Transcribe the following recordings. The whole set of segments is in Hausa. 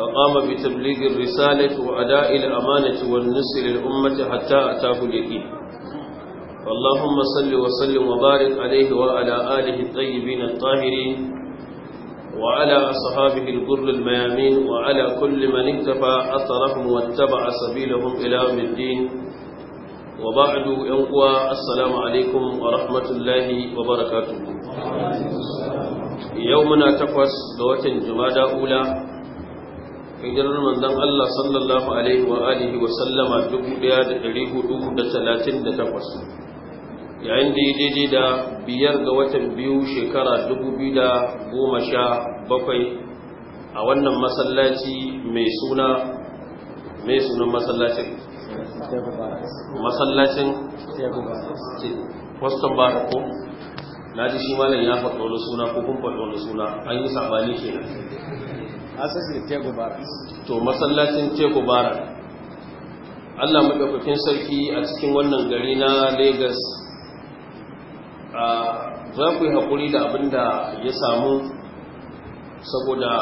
فقام بتبليغ الرسالة وأداء الأمانة والنصر للأمة حتى أتاه اليقين فاللهم صل وسلم وبارك عليه وعلى آله الطيبين الطاهرين وعلى أصحابه الغر الميامين وعلى كل من اكتفى أثرهم واتبع سبيلهم إلى الدين وبعد ينقوى السلام عليكم ورحمة الله وبركاته يومنا تفس دوة جمادى أولى hijirar manzon Allah sallallahu alaihi wa alihi wa sallama 1438 yayin da ya daidai da biyar ga watan biyu shekara 2017 a wannan masallaci mai suna mai sunan masallacin masallacin kwastan ba ko na ji shi malam ya faɗo wani suna ko kun faɗo wani suna an yi saɓani kenan asasi teku bara to masallacin teku bara Allah madaukakin sarki a cikin wannan gari na Lagos a za ku yi hakuri da abin da ya samu saboda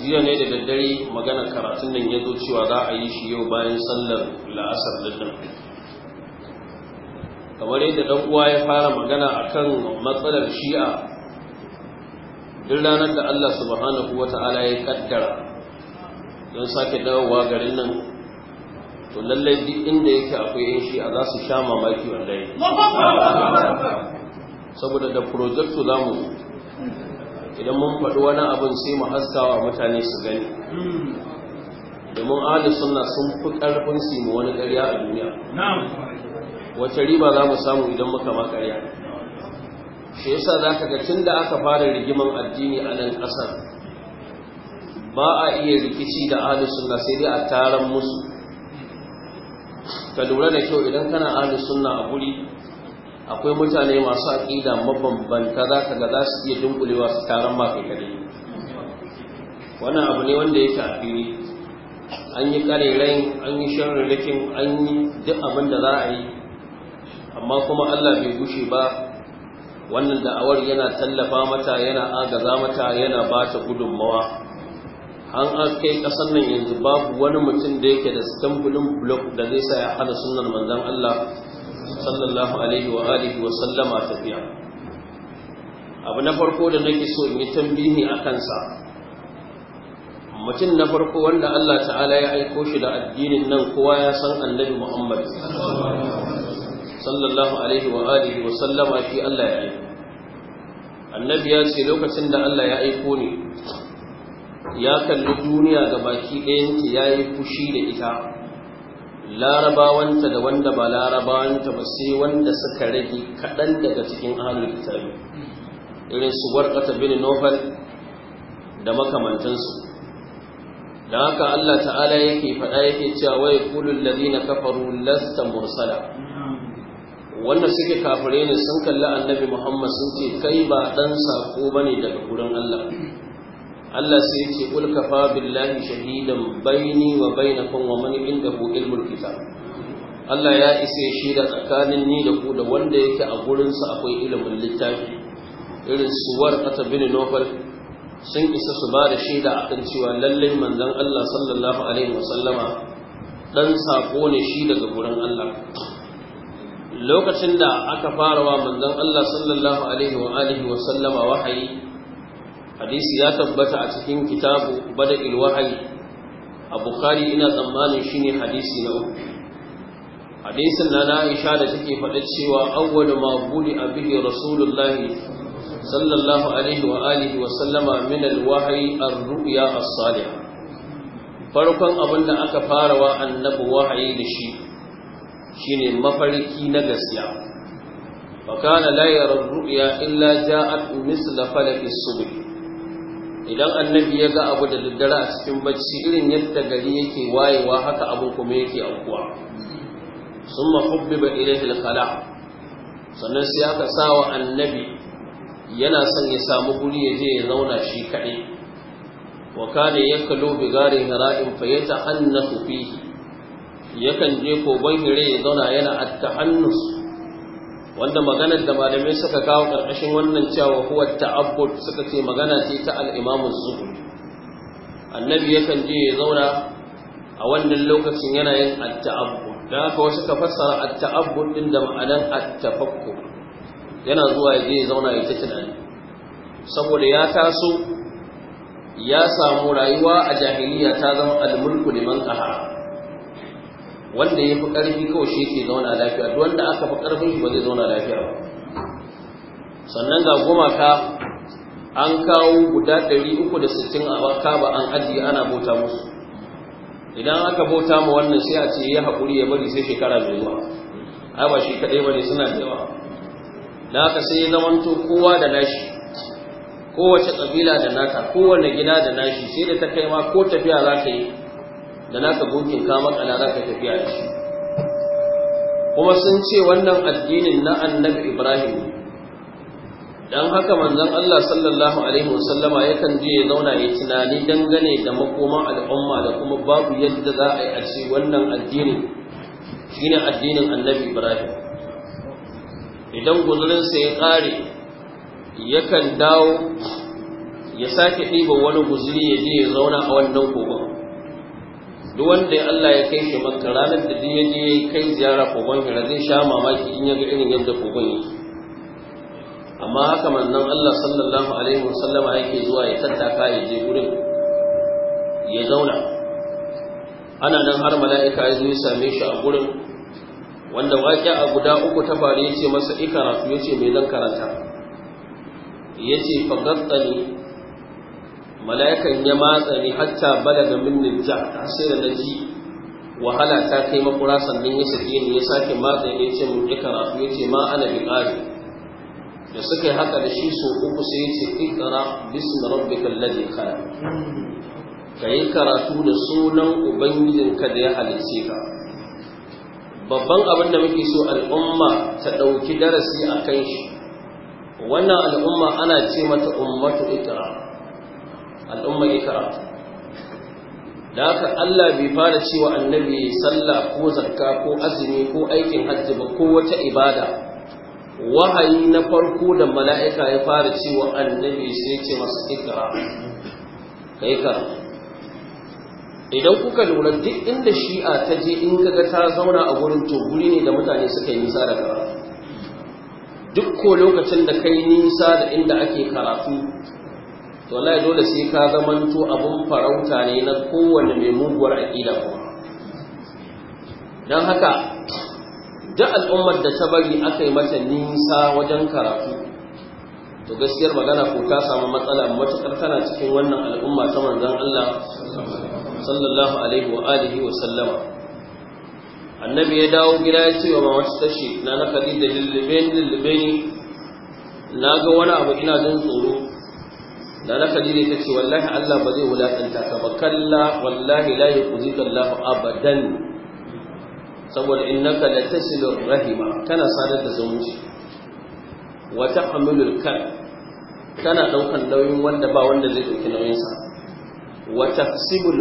jiya ne da daddare magana karatun nan ya zo cewa za a yi shi yau bayan sallar la'asar dinnan kamar yadda dan uwa ya fara magana akan matsalar shi'a duk ranar da Allah subhanahu wata'ala ya kaddara don sake dawowa garin nan to lallai duk inda yake akwai yin shi a za su sha mamaki yi. saboda da projecto za mu idan mun faɗi wani abin sai mu haskawa mutane su gani domin ahli sunna sun fi ƙarfin su wani ƙarya a duniya wace riba za mu samu idan muka ma ƙarya shi yasa za ka ga tun da aka fara rigiman addini a nan ƙasar ba a iya rikici da na sai dai a taron musu ka lura da kyau idan kana alisunna a guri akwai mutane masu aƙida mabambanta za ka ga za su iya dunkulewa su taron mafi kare wannan abu ne wanda yake a fili an yi rai an yi rikin an yi duk abin da za a yi amma kuma allah bai gushe ba wannan da'awar yana tallafa mata yana agaza mata yana ba ta gudunmawa an kai ƙasar nan yanzu babu wani mutum da yake da stambulin blok da zai sa ya hana sunan manzan Allah sallallahu alaihi wa alihi wa sallama tafiya abu na farko da nake so in yi tambihi a kansa mutum na farko wanda Allah ta'ala ya aiko shi da addinin nan kowa ya san annabi Muhammad sallallahu alaihi wa alihi wa sallama shi Allah ya yi annabi ya ce lokacin da Allah ya aiko ni ya kalli duniya ga baki ɗayanta ya yi fushi da ita larabawanta da wanda ba larabawanta ba sai wanda suka rage kaɗan daga cikin ahalul kitabi irin su warkata bin nofal da makamantansu da haka Allah ta'ala yake faɗa yake cewa wai kulul ladina kafaru lasta mursala wanda suke kafare ne sun kalli annabi Muhammad sun ce kai ba dan sako bane daga gurin Allah Allah sai ce ulka fa billahi shahidan baini wa kun wa inda ku ilmul kitab Allah ya isa shi da tsakanin ni da ku da wanda yake a gurin akwai ilimin littafi irin suwar kata bin sun isa su ba da shaida akan cewa lallai manzon Allah sallallahu alaihi sallama, dan sako ne shi daga gurin Allah lokacin da aka fara wa manzon Allah sallallahu alaihi wa alihi wa sallama wahayi hadisi ya tabbata a cikin kitabu bada'il wahayi a bukhari ina tsammanin shine hadisi na uku hadisin na Aisha da take faɗa cewa awwalu ma budi abihi rasulullahi sallallahu alaihi wa alihi wa sallama min al ar-ru'ya as farkon abin da aka fara wa annabi wahayi da shi shine mafarki na gaskiya fa kana la yara ru'ya illa ja'at misla falaki subh idan annabi ya ga abu da daddare a cikin bacci irin yadda gari yake wayewa haka abu kuma yake aukuwa summa hubbiba ilayhi al-khala sannan sai aka sawa annabi yana son ya samu guri ya je ya zauna shi kaɗai wa kana yaklu bi gharin hira'in fa yatahannafu fihi yakan je kogon hire ya zauna yana at wanda maganar da malamai suka kawo karkashin wannan cewa huwa ta'abbud suka ce magana ce ta al-Imam az annabi yakan je ya zauna a wannan lokacin yana yin at-ta'abbud dan haka wasu ka fassara at-ta'abbud din da ma'anar at-tafakkur yana zuwa ya je ya zauna ya ta tunani saboda ya taso ya samu rayuwa a jahiliya ta zama al-mulku liman ahara wanda ya fi ƙarfi kawai shi ke zauna lafiya duk wanda aka fi ƙarfin shi ba zai zauna lafiya ba sannan ga ka, an kawo guda ɗari 360 a ba an ajiye ana bauta musu idan aka bauta ma wannan sai a ce ya haƙuri ya bari sai shekara mai zuwa ai ba shi kaɗai ba ne suna da yawa Na haka sai ya zamanto kowa da nashi kowace ƙabila da naka kowane gida da nashi sai da ta kai ma ko tafiya za ka yi da naka gunkin ka makala ka tafiya da shi kuma sun ce wannan addinin na annabi ibrahim dan haka manzon Allah sallallahu alaihi wasallama yakan je ya zauna ya tunani dangane da makoman al'umma da kuma babu yadda za a yi a ce wannan addinin shine addinin annabi ibrahim idan guzurinsa ya ƙare yakan dawo ya sake ɗiba wani guzuri ya je ya zauna a wannan kogon duk wanda ya Allah ya kai shi makka ranar da ya je kai ziyara kogon hira zai sha mamaki in ya ga irin yadda kogon yake amma haka mannan Allah sallallahu alaihi wasallama yake zuwa ya tattaka ya je gurin ya zauna ana nan har mala'ika ya zo ya same shi a gurin wanda waƙi a guda uku ta faru ya ce masa ikara ya ce mai zan karanta ya ce fagattani mala'ikan ya matsa ni hatta balaga min ta sai da naji wahala ta kai makura sannan ya sake ni ya sake matsa ya ce mun ki karatu ya ce ma ana bi qari da suka yi haka da shi so uku sai ya ce ikra bismi rabbikal ladhi khalaq yi karatu da sunan ubangijinka da ya halice ka babban abin da muke so al'umma ta ɗauki darasi a kan shi wannan al'umma ana ce mata ummatu ikra al'umma ya kara. da haka Allah bai fara cewa annabi sallah ko zakka ko azumi ko aikin hajji ba ko wata ibada wahayi na farko da mala'ika ya fara cewa annabi sai ce masu ikra kai kara. idan kuka lura duk inda shi'a ta je in kaga ta zauna a gurin to guri ne da mutane suka yi nisa da karatu duk ko lokacin da kai nisa da inda ake karatu to wallahi dole sai ka zamanto abun farauta ne na kowane mai muguwar aqida dan haka da al'ummar da ta bari aka yi mata nisa wajen karatu to gaskiyar magana ko ta samu matsala matuƙar tana cikin wannan al'umma ta manzon Allah sallallahu alaihi wa alihi wa sallama annabi ya dawo gida ya ce wa wata tashi na na da lullube ni na ga wani abu ina jin tsoro da na kadiri ta ce wallahi Allah ba zai wulakanta ka ba kalla wallahi la yuqzika Allah abadan saboda innaka la tasilu rahima kana sadar da zumunci wa tahmilu al kana daukan nauyin wanda ba wanda zai ɗauki nauyinsa. Wata wa tahsibul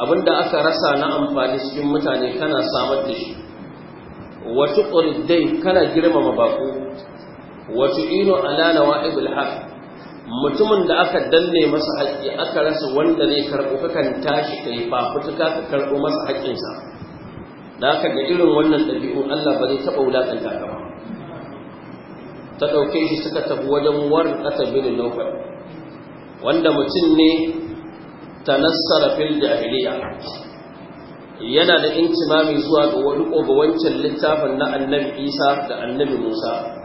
abinda aka rasa na amfani cikin mutane kana samar da shi wa tuqrid dai kana girmama bako wa tu'inu ala nawa'ib al mutumin da aka danne masa haƙƙi aka rasa wanda zai karɓo kakan tashi kai ba fituka ka karɓo masa haƙƙinsa da aka ga irin wannan ɗabi'u Allah ba zai taɓa wulaƙanta ka ba ta ɗauke shi suka tafi wajen warƙata bin nufar wanda mutum ne ta nassara fil jahiliya yana da intimami zuwa ga wani wancan littafin na annabi isa da annabi musa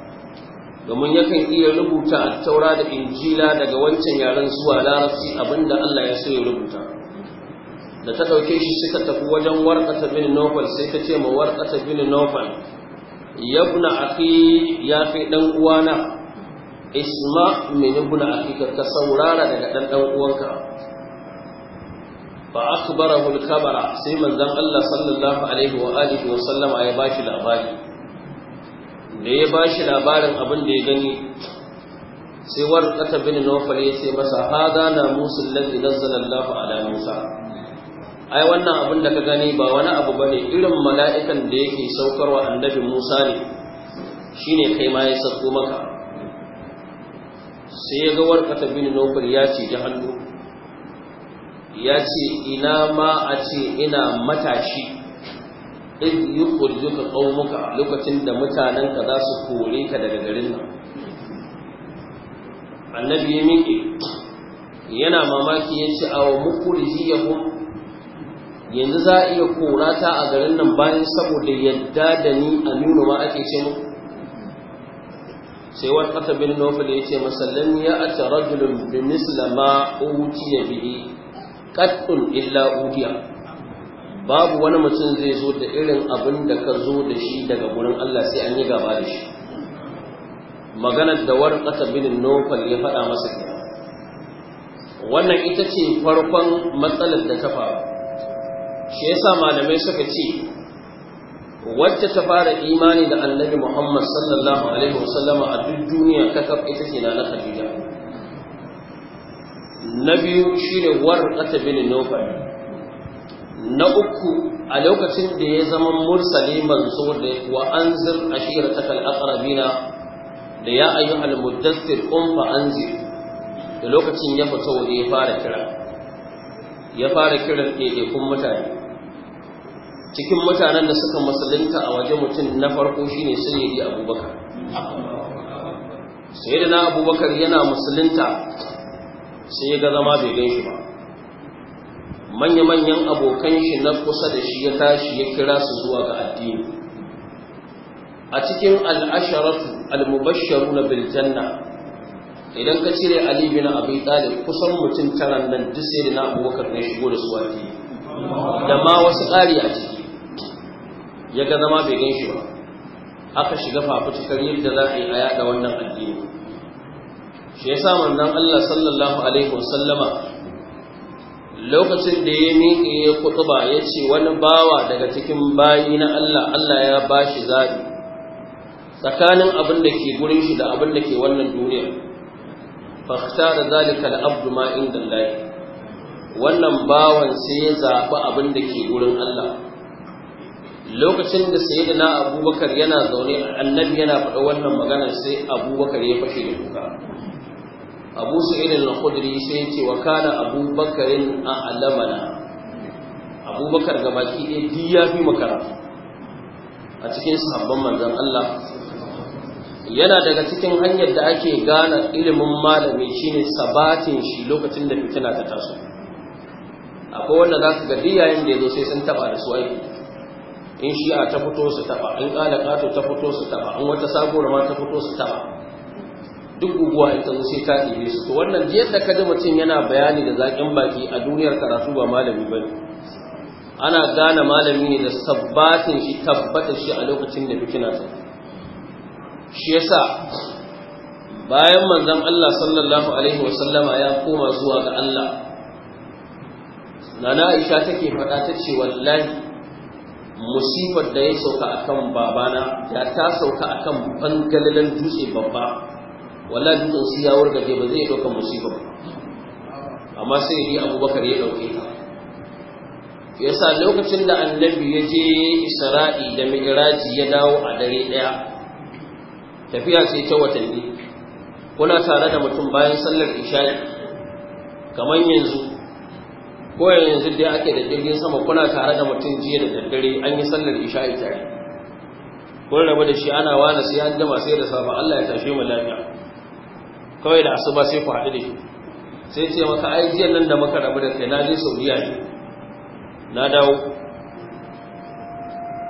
domin yakan iya rubuta taura da injila daga wancan yaren zuwa larabci abinda Allah ya so ya rubuta da ta ɗauke shi suka tafi wajen warkata bin nofal sai ta ce ma warkata bin nofal yabna aki ya fi ɗan uwana isma min ibn aki ka saurara daga ɗan ɗan uwanka fa akhbarahu al sai manzon Allah sallallahu alaihi wa alihi wa sallama ya bashi labari da ya ba shi labarin abin da ya gani sai kata bin nawfal ya ce masa haza na musul ladzi lafi a damisa ai wannan abin da ka gani ba wani abu ba ne, irin mala'ikan da yake saukarwa annabi musa ne shine kai ma ya sauko maka sai ya ga kata bin nawfal ya ce ji hannu ya ce ina ma a ce ina matashi iz yukhrijuka qaumuka lokacin da mutanen ka za su kore ka daga garin nan annabi ya miƙe yana mamaki ya ce awa mukhriji yahum yanzu za a iya kora ta a garin nan bayan saboda yadda da ni a nuna ma ake ce mu sai wani ƙasa bin nufil ya ce masallin ya a tarajulun bin misla ma utiya bihi ƙaddun illa udiya babu wani mutum zai zo da irin abin da ka zo da shi daga gurin Allah sai an yi gaba da shi maganar da war warqata binin nufal ya faɗa masa ke wannan ita ce farkon matsalar da ta faru shi yasa malamai suka ce wacce ta fara imani da annabi Muhammad sallallahu alaihi wasallama a duk duniya kakaf ita ce na Khadija na biyu shi war warqata binin nufal na uku a lokacin da ya zama mursali manzo da wa anzir ashiratak al-aqrabina da ya ayu al-muddathir qum fa anzir da lokacin ya fito waje ya fara kira ya fara kiran kun mutane cikin mutanen da suka musulunta a waje mutum na farko shine sayyidi abubakar sayyidina abubakar yana musulunta sai ya ga zama bai gan shi ba manya-manyan abokan shi na kusa da shi ya tashi ya kira su zuwa ga addini a cikin al'asharatu al na biljanna idan ka cire ali na Abin talib kusan mutum tara nan duk sai da na abubakar ne shigo da su addini da ma wasu ƙari a ciki ya ga zama bai gan shi ba aka shiga fafutukar yadda za a yi a yaɗa wannan addini shi ya sa manzon Allah sallallahu alaihi wasallama lokacin da ya miƙe ya kutuba ya ce wani bawa daga cikin bayi na Allah Allah ya ba shi zaɓi tsakanin abin da ke gurin shi da abin da ke wannan duniya fakta da zalika al'abdu ma inda lai wannan bawan sai ya zaɓi abin da ke gurin Allah lokacin da sai da na abubakar yana zaune annabi yana faɗa wannan magana sai abubakar ya fashe da kuka abu irin al-khudri sai yace wa kana abubakarin a'lamana abubakar baki ɗaya duk ya fi makara a cikin sabbin manzon Allah yana daga cikin hanyar da ake gane ilimin malami shine sabatin shi lokacin da fitina ta taso akwai wanda za ka ga yayin da ya zo sai sun taba da su aiki in shi'a ta fito su taba in ƙalaƙato ta fito su taba in wata sabuwar ma ta fito su taba duk guguwa ita zo sai ta ɗibe su to wannan yadda ka ji mutum yana bayani da zaƙin baki a duniyar karatu ba malami ba ne ana gane malami ne da sabbatin shi tabbata shi a lokacin da fitina ta shi yasa bayan manzon Allah sallallahu alaihi wasallama ya koma zuwa ga Allah nana Aisha take faɗa ta ce wallahi musifar da ya sauka akan babana ya ta sauka akan bangalalan dutse babba wallahi dukkan su ya wargaje ba zai dauka musiba ba amma sai yi abubakar ya dauke ta yasa lokacin da annabi ya je isra'i da mi'raji ya dawo a dare daya tafiya sai ta watanni kuna tare da mutum bayan sallar isha'i kamar yanzu ko yanzu dai ake da jirgin sama kuna tare da mutum jiya da daddare an yi sallar isha'i tare kun rabu da shi ana wani sai an gama sai da safa Allah ya tashe mu lafiya kawai da asuba sai ku haɗu da shi sai ce maka ai jiya nan da muka rabu da kai na je saudiya ne na dawo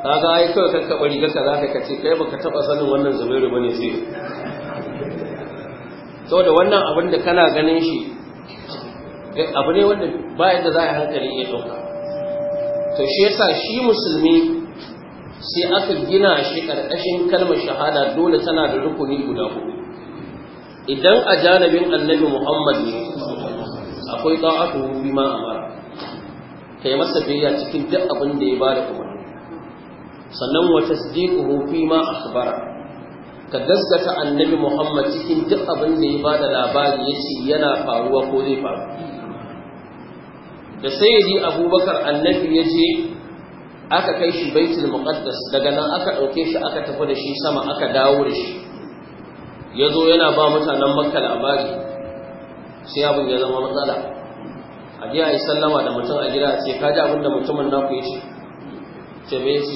ka ga ai kawai taɓa rigar ka za ka kace kai baka taɓa sanin wannan zubairu bane sai da wannan abin da kana ganin shi abu ne wanda bayan da za a hankali ya ɗauka to shi yasa shi musulmi sai aka gina shi ƙarƙashin kalmar shahada dole tana da rukuni guda hudu idan a janabin annabi Muhammad ne akwai ta'atu bi ma amara kai masa biyayya cikin duk abin da ya da kuma sannan wa tasdiquhu fi ma akhbara ka gaskata annabi Muhammad cikin duk abin da ya da labari yace yana faruwa ko zai faru da yaji Abubakar annabi yace aka kai shi baitul muqaddas daga nan aka dauke shi aka tafi da shi sama aka dawo da shi ya zo yana ba mutanen makka labari sai abin ya zama matsala a je a yi sallama da mutum a gida ce ka ji abin da mutumin naku ya ce ce me ce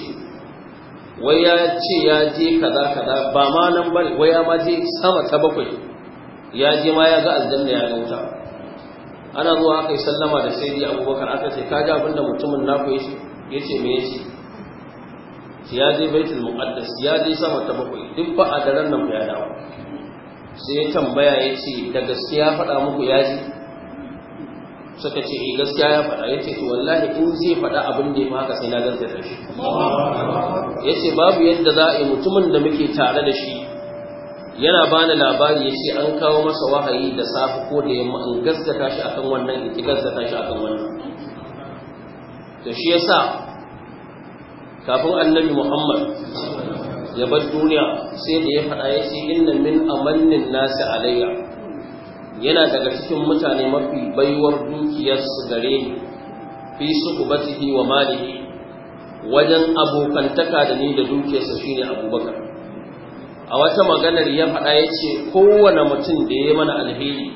wai ya ce ya je kaza kaza ba ma nan ba wai ya ma je sama ta bakwai ya je ma ya ga aljanna ya ga wuta ana zuwa aka yi sallama da sai dai abubakar aka ce ka ji abin da mutumin naku ya ce ya ce me ya ce ya je baitul muqaddas ya je sama ta bakwai duk ba a daren nan ba ya dawo sai ya tambaya ya ce da gaskiya faɗa muku ya ji suka ce eh, gaskiya ya faɗa ya ce wallahi in zai faɗa abin da ya fi haka sai na ganta da shi ya ce babu yadda za a yi mutumin da muke tare da shi yana ba ni labari ya ce an kawo masa wahayi da safe ko da yamma in gaskata shi akan wannan in ki gaskata shi akan wannan da shi ya sa kafin annabi muhammad ya bar duniya sai da ya faɗa ya ce inna min amannin nasi alayya yana daga cikin mutane mafi baiwar dukiyar su gare ni fi suhbatihi wa malihi wajen abokantaka da ni da dukiyar dukiyarsa shine abubakar a wata maganar ya faɗa ya ce kowane mutum da ya mana alheri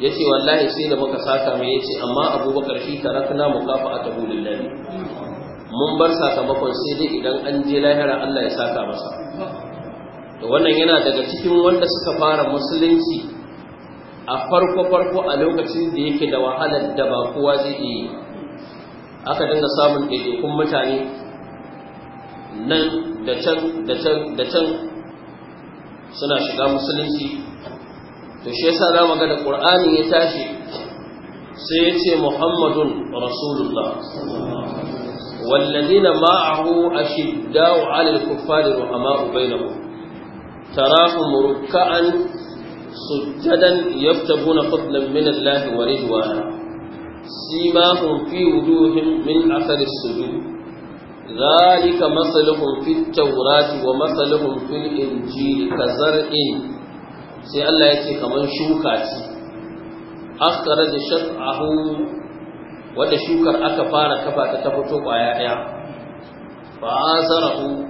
ya ce wallahi sai da muka saka mai ya ce amma abubakar shi tarakna mukafa'atahu lillahi mun bar sakamakon sai dai idan an je lahira Allah ya saka masa to wannan yana daga cikin wanda suka fara musulunci a farko farko a lokacin da yake da wahalar da ba kowa zai yi aka dinga samun ɗaiɗaikun mutane nan da can da can da can suna shiga musulunci to shi yasa za mu ga da Qur'ani ya tashi sai ya ce Muhammadun Rasulullah والذين معه أشداء على الكفار رحماء بينهم تراهم ركعا سجدا يبتغون فضلا من الله ورضوانا سيماهم في وجوههم من أثر السجود ذلك مثلهم في التوراة ومثلهم في الإنجيل كزرع سي الله يتي كمان شوكاتي أخرج شطعه wanda shukar aka fara kafa ta ta fito kwaya daya fa asarahu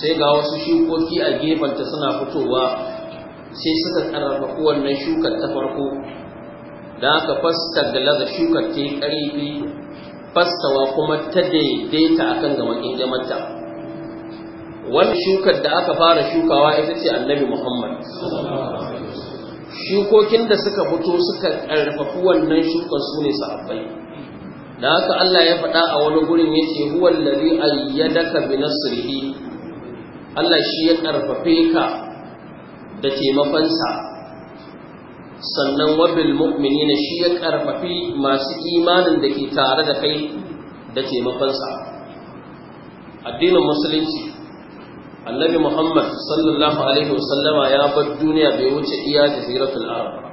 sai ga wasu shukoki a gefenta suna fitowa sai suka karrama wannan shukar ta farko da aka fastagla da shukar ta yi ƙarfi fastawa kuma ta daidaita akan gamakin gamata wani shukar da aka fara shukawa ita ce annabi muhammad shukokin da suka fito suka ƙarfafi wannan shukar su ne sahabbai da haka Allah ya faɗa a wani gurin ya ce huwa daka ayyadaka bi nasrihi Allah shi ya karfafe ka da taimakonsa sannan wabil mu'minina shi ya karfafi masu imanin da ke tare da kai da taimakonsa addinin musulunci annabi Muhammad sallallahu alaihi wasallama ya bar duniya bai wuce iya jaziratul arab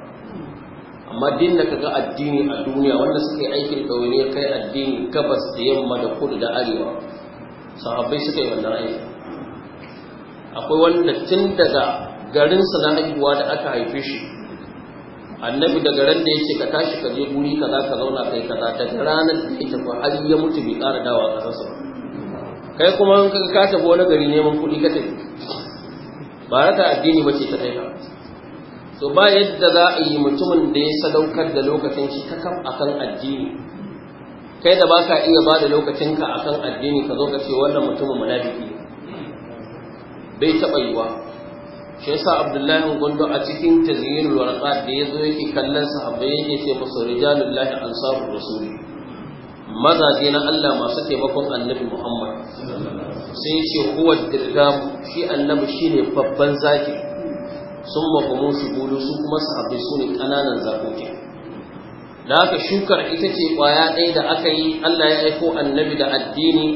madin da kaga addini a duniya wanda suke aikin ɗaure kai addini gabas da yamma da kudu da arewa sahabbai suka yi wannan aiki akwai wanda tun daga garinsa na haihuwa da aka haife shi annabi da garin da yake ka tashi ka je guri kaza ka zauna kai kaza daga ranar da yake tafi har ya mutu bai ƙara dawa sa. kai kuma in ka tafi wani gari neman kuɗi ka tafi ba raka addini ba ce ta kai ka to ba yadda za a yi mutumin da ya sadaukar da lokacin shi kan akan addini kai da baka iya ba da lokacinka akan addini ka zo ka ce wannan mutumin munafiki bai taɓa yiwa shi yasa abdullahi gondo a cikin tazyinul warqa da yazo yake kallon sahabbai yake ce musu rijalullahi ansarur rasul mazaje na Allah masu taimakon annabi Muhammad sai ce huwa dirgam shi annabi shine babban zaki sun makomo su gudu su kuma su abu su ne ƙananan zakoki da aka shukar ita ce ƙwaya ɗaya da aka yi allah ya aiko annabi da addini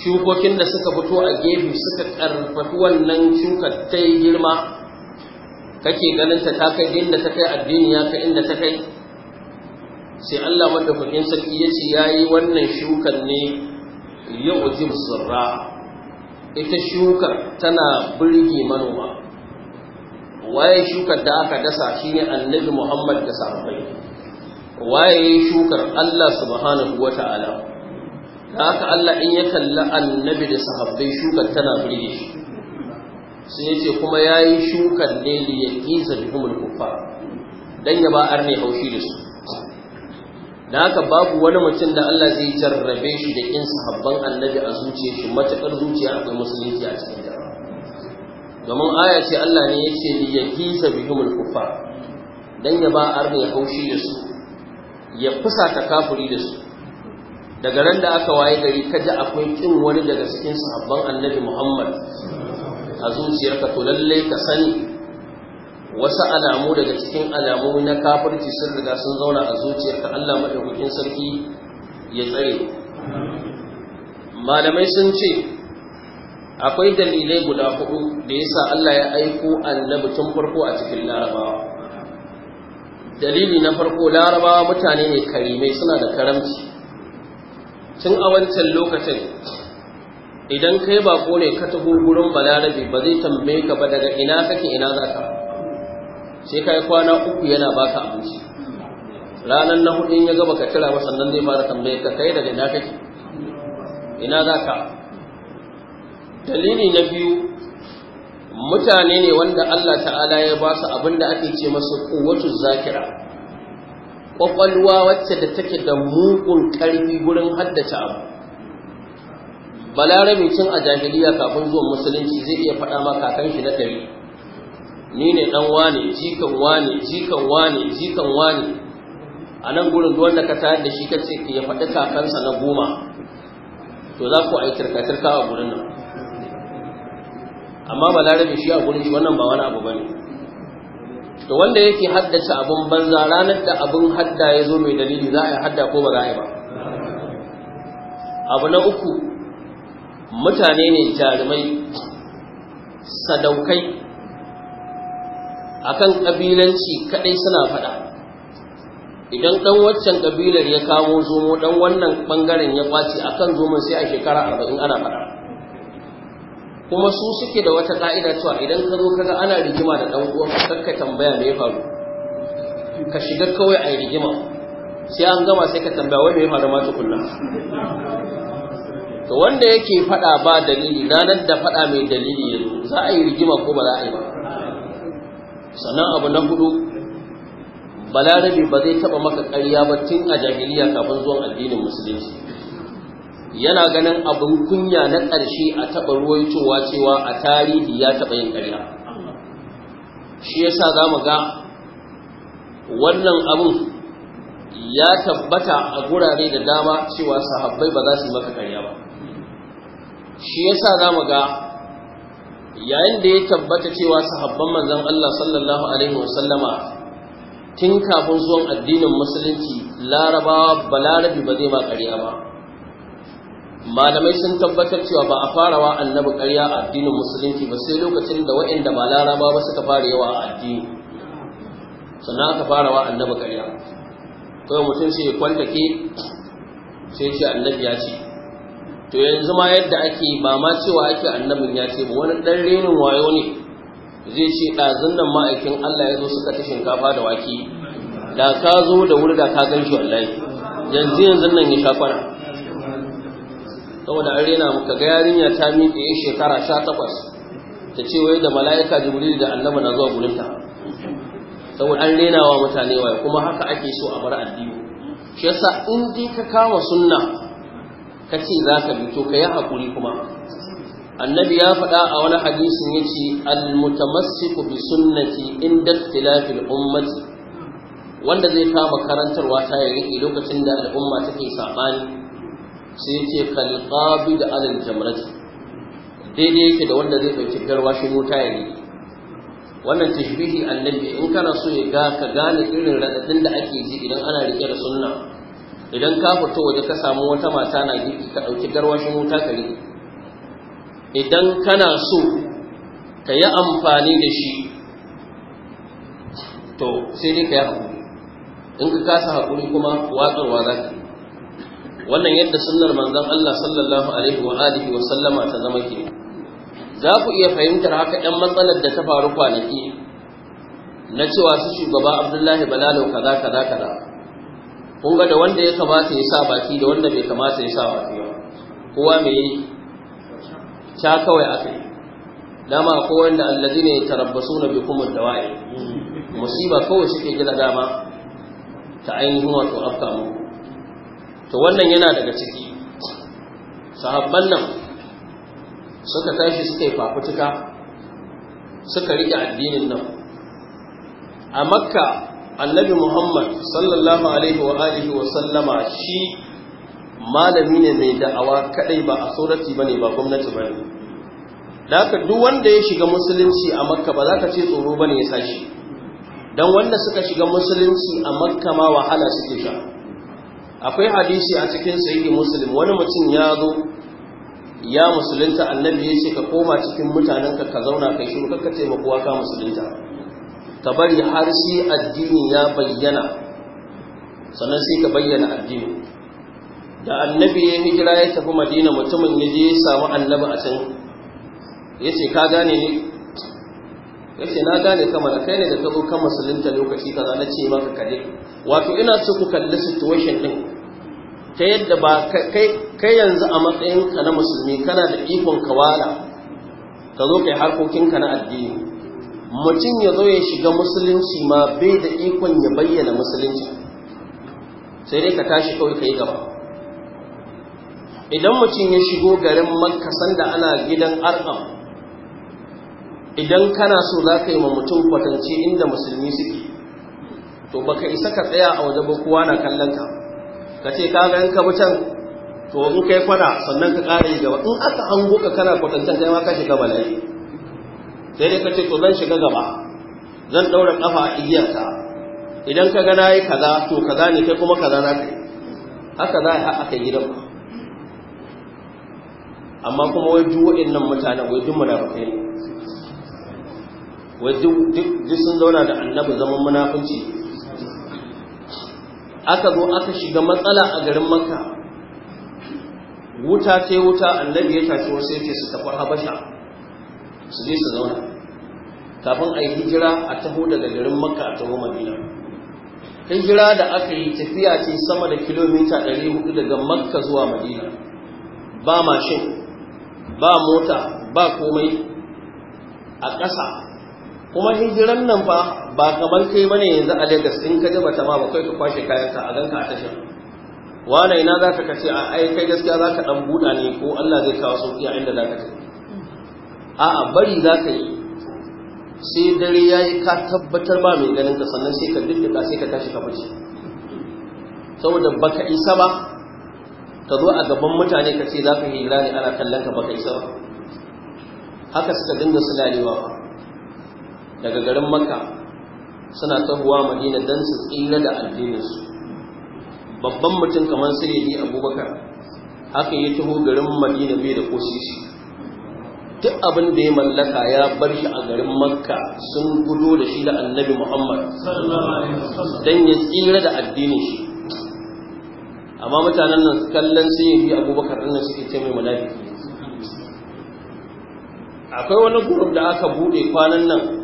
shukokin da suka fito a gefe suka ƙarfafi wannan shukar ta yi girma kake ganin ta kai inda ta kai addini ya kai inda ta kai sai allah madaukakin sarki ya ce ya yi wannan shukar ne yau jim sirra ita shukar tana birge manoma waye shukar da aka dasa shine annabi Muhammad da sahabbai waye shukar Allah subhanahu wata'ala da aka Allah in ya kalla annabi da sahabbai shukar tana burge shi sai ya ce kuma ya yi shukar ne da ya kiza kuma kufa. dan ya ba arne haushi da su da aka babu wani mutum da Allah zai jarrabe shi da in sahabban annabi a zuciya shi matakar zuciya akwai musulunci a cikin ta domin aya ce Allah ne ya ce ya sabi bihimul kufa don ya ba arna ya haushi da su ya ta kafuri da su daga ran da aka waye gari kaji akwai kin wani daga cikin sahabban annabi Muhammad a zuciyarka to lalle ka sani wasu alamu daga cikin alamu na kafirci sun riga sun zauna a zuciyarka Allah madaukakin sarki ya tsare malamai sun ce akwai dalilai guda hudu da yasa Allah ya aiko annabi tun farko a cikin larabawa dalili na farko larabawa mutane ne karimai suna da karamci tun a wancan lokacin idan kai ko ne ka taho gurin balarabe ba zai tambaye ka ba daga ina kake ina za ka sai ka yi kwana uku yana baka abinci ranar na hudu ya gaba ka kira masannan nan zai fara tambaye ka kai daga ina kake ina za ka dalili na biyu mutane ne wanda Allah ta'ala ya ba su abin da ake ce masu kowace zakira ƙwaƙwalwa wacce da take da mugun ƙarfi gurin haddace abu balarabe tun a jahiliya kafin zuwan musulunci zai iya faɗa ma kakan shi na ɗari ni ne ɗan wane jikan wane jikan wane jikan wane a nan gurin duk wanda ka tayar da shi ka ce ya faɗi kakansa na goma to za ku a yi a gurin nan amma balarabe shi a gurin shi wannan ba wani abu bane to wanda yake haddace abun banza ranar da abun hadda ya zo mai dalili za a yi hadda ko ba za a yi ba abu na uku mutane ne jarumai sadaukai akan kabilanci kadai suna fada idan ɗan waccan kabilar ya kawo zomo dan wannan ɓangaren ya a akan zomon sai a shekara 40 ana fada kuma su suke da wata ka'ida cewa idan ka zo kaga ana rigima da dan uwan ka tambaya me ya faru ka shiga kawai a rigima sai an gama sai ka tambaya wai ya faru ma tukunna to wanda yake fada ba dalili ranar da fada mai dalili ya zo za a yi rigima ko ba za a yi ba sannan abu na hudu balarabi ba zai taba maka ƙarya ba tun a jahiliya kafin zuwan addinin musulunci yana ganin abin kunya na ƙarshe a taɓa ruwaitowa cewa a tarihi ya taɓa yin ƙarya shi sa za mu ga wannan abin ya tabbata a gurare da dama cewa sahabbai ba za su yi maka ƙarya ba shi ya sa za mu ga yayin da ya tabbata cewa sahabban manzon Allah sallallahu alaihi wasallama tun kafin zuwan addinin musulunci larabawa balarabi ba zai ba ƙarya ba malamai sun tabbatar cewa ba a farawa annabi ƙarya a addinin musulunci ba sai lokacin da waɗanda ba laraba ba suka fara yawa a addini sannan aka farawa annabi ƙarya kawai mutum sai ya ke, sai ce annabi ya ce to yanzu ma yadda ake ba ma cewa ake annabin ya ce ba wani ɗan renin wayo ne zai ce ɗazun nan ma'aikin Allah ya zo suka ta shinkafa da wake da ka zo da wuri da ka gan shi wallahi yanzu yanzu nan ya sha saboda an rena muka ga yarinya ta miƙe shekara sha takwas ta ce wai da mala'ika jibril da annaba na zuwa gurinta saboda an rena wa mutane waye kuma haka ake so a bar addini shi yasa in dai ka kama sunna ka ce za ka bi ka yi haƙuri kuma annabi ya faɗa a wani hadisin ya ce almutamassiku bi sunnati inda tilafil ummati wanda zai kama karantarwa ta ya riƙe lokacin da al'umma take saɓani sai yace biyu da alin jamrati daidai yake da wanda zai garwa shi wuta ya ne wannan tashbihi annabi in kana so ya ga ka gane irin radadin da ake ji idan ana rike da sunna idan ka fito waje ka samu wata mata na jiki ka dauki shi wuta ka ne idan kana so ka yi amfani da shi to sai dai ka yi haƙuri in ka kasa haƙuri kuma watsarwa za ka yi. wannan yadda sunnar manzon Allah sallallahu alaihi wa alihi wa sallama ta zama ke za ku iya fahimtar haka ɗan matsalar da ta faru kwanaki na cewa su shugaba Abdullahi Balalo kaza kaza kaza kun ga da wanda ya kamata ya sa baki da wanda bai kamata ya sa baki ba kowa me yi ta kawai akai dama ko wanda alladine tarabbasuna bikum ad-dawa'i musiba kawai suke gida dama ta ainihin wato afka muku to wannan yana daga ciki sahabban nan suka tashi suka yi fafutuka suka rike addinin nan a makka annabi muhammad sallallahu alaihi wa alihi wa sallama shi malami ne mai da'awa kadai ba a saurati bane ba gwamnati bane da ka duk wanda ya shiga musulunci a makka ba za ka ce tsoro bane ya sashi don wanda suka shiga musulunci a makka ma wahala suke sha akwai hadisi a cikin sahihi muslim wani mutum ya zo ya musulunta annabi ya ce ka koma cikin mutanenka ka zauna kai shiru kakka taimakuwa ka musulunta ka bari har shi addini ya bayyana sannan sai ka bayyana addini da annabi ya hijira ya tafi madina mutumin ya je ya samu annabi a can ya ce ka gane ne ya ce na gane kama da kai ne da ka zo kan musulunta lokaci kaza na ce maka kaje wato ina so ku kalli situation din ta yadda ba kai yanzu a matsayin ka na musulmi kana da ikon kawala ka zo kai harkokinka na addini mutum ya zo ya shiga musulunci ma bai da ikon ya bayyana musulunci sai dai ka tashi kawai ka yi gaba idan mutum ya shigo garin makka sanda ana gidan arkam idan kana so za ka yi ma mutum kwatance inda musulmi suke to baka isa ka tsaya a waje ba kowa na kallon ka ka ce ka ga ka mutan to in kai kwana sannan ka ƙara yi gaba in aka an ka kana kwatantan kai ma ka shiga bala'i sai dai ka ce to zan shiga gaba zan ɗaura ƙafa a igiyarta idan ka gana yi kaza to kaza ne kai kuma kaza na kai haka za a aka gidan amma kuma wai duk waɗannan mutanen wai duk munafukai ne wai duk sun zauna da annabi zaman munafunci aka zo aka shiga matsala a garin makka wuta ce wuta annabi ya tashi wasu ya ce su tafi habasha su je su zauna kafin a yi hijira a taho daga garin makka a taho madina hijira da aka yi tafiya ce sama da kilomita 400 daga makka zuwa madina ba mashin ba mota ba komai a ƙasa kuma hijiran nan fa ba kamar kai bane yanzu a Lagos in ka je bata ma ba kai ka kwashe kayan ka a ganka a tashar wane ina za kace a ai kai gaskiya za ka dan buɗa ne ko Allah zai kawo sauki a inda za ka a a'a bari za ka yi sai dare yayi ka tabbatar ba mai ganin ka sannan sai ka diddika sai ka tashi ka fice saboda baka isa ba ka zo a gaban mutane ka ce za ka hira ne ana kallon ka baka isa ba haka suka dinga sulalewa ba daga garin makka suna tahowa madina don su tsira da addininsu babban mutum kamar sai yi abubakar haka yi taho garin madina bai da kosisi duk abin da ya mallaka ya bar shi a garin makka sun gudu da shi da annabi muhammad don ya tsira da addinin shi amma mutanen nan kallon sai yi abubakar ɗin suke ce mai munafiki akwai wani gurup da aka buɗe kwanan nan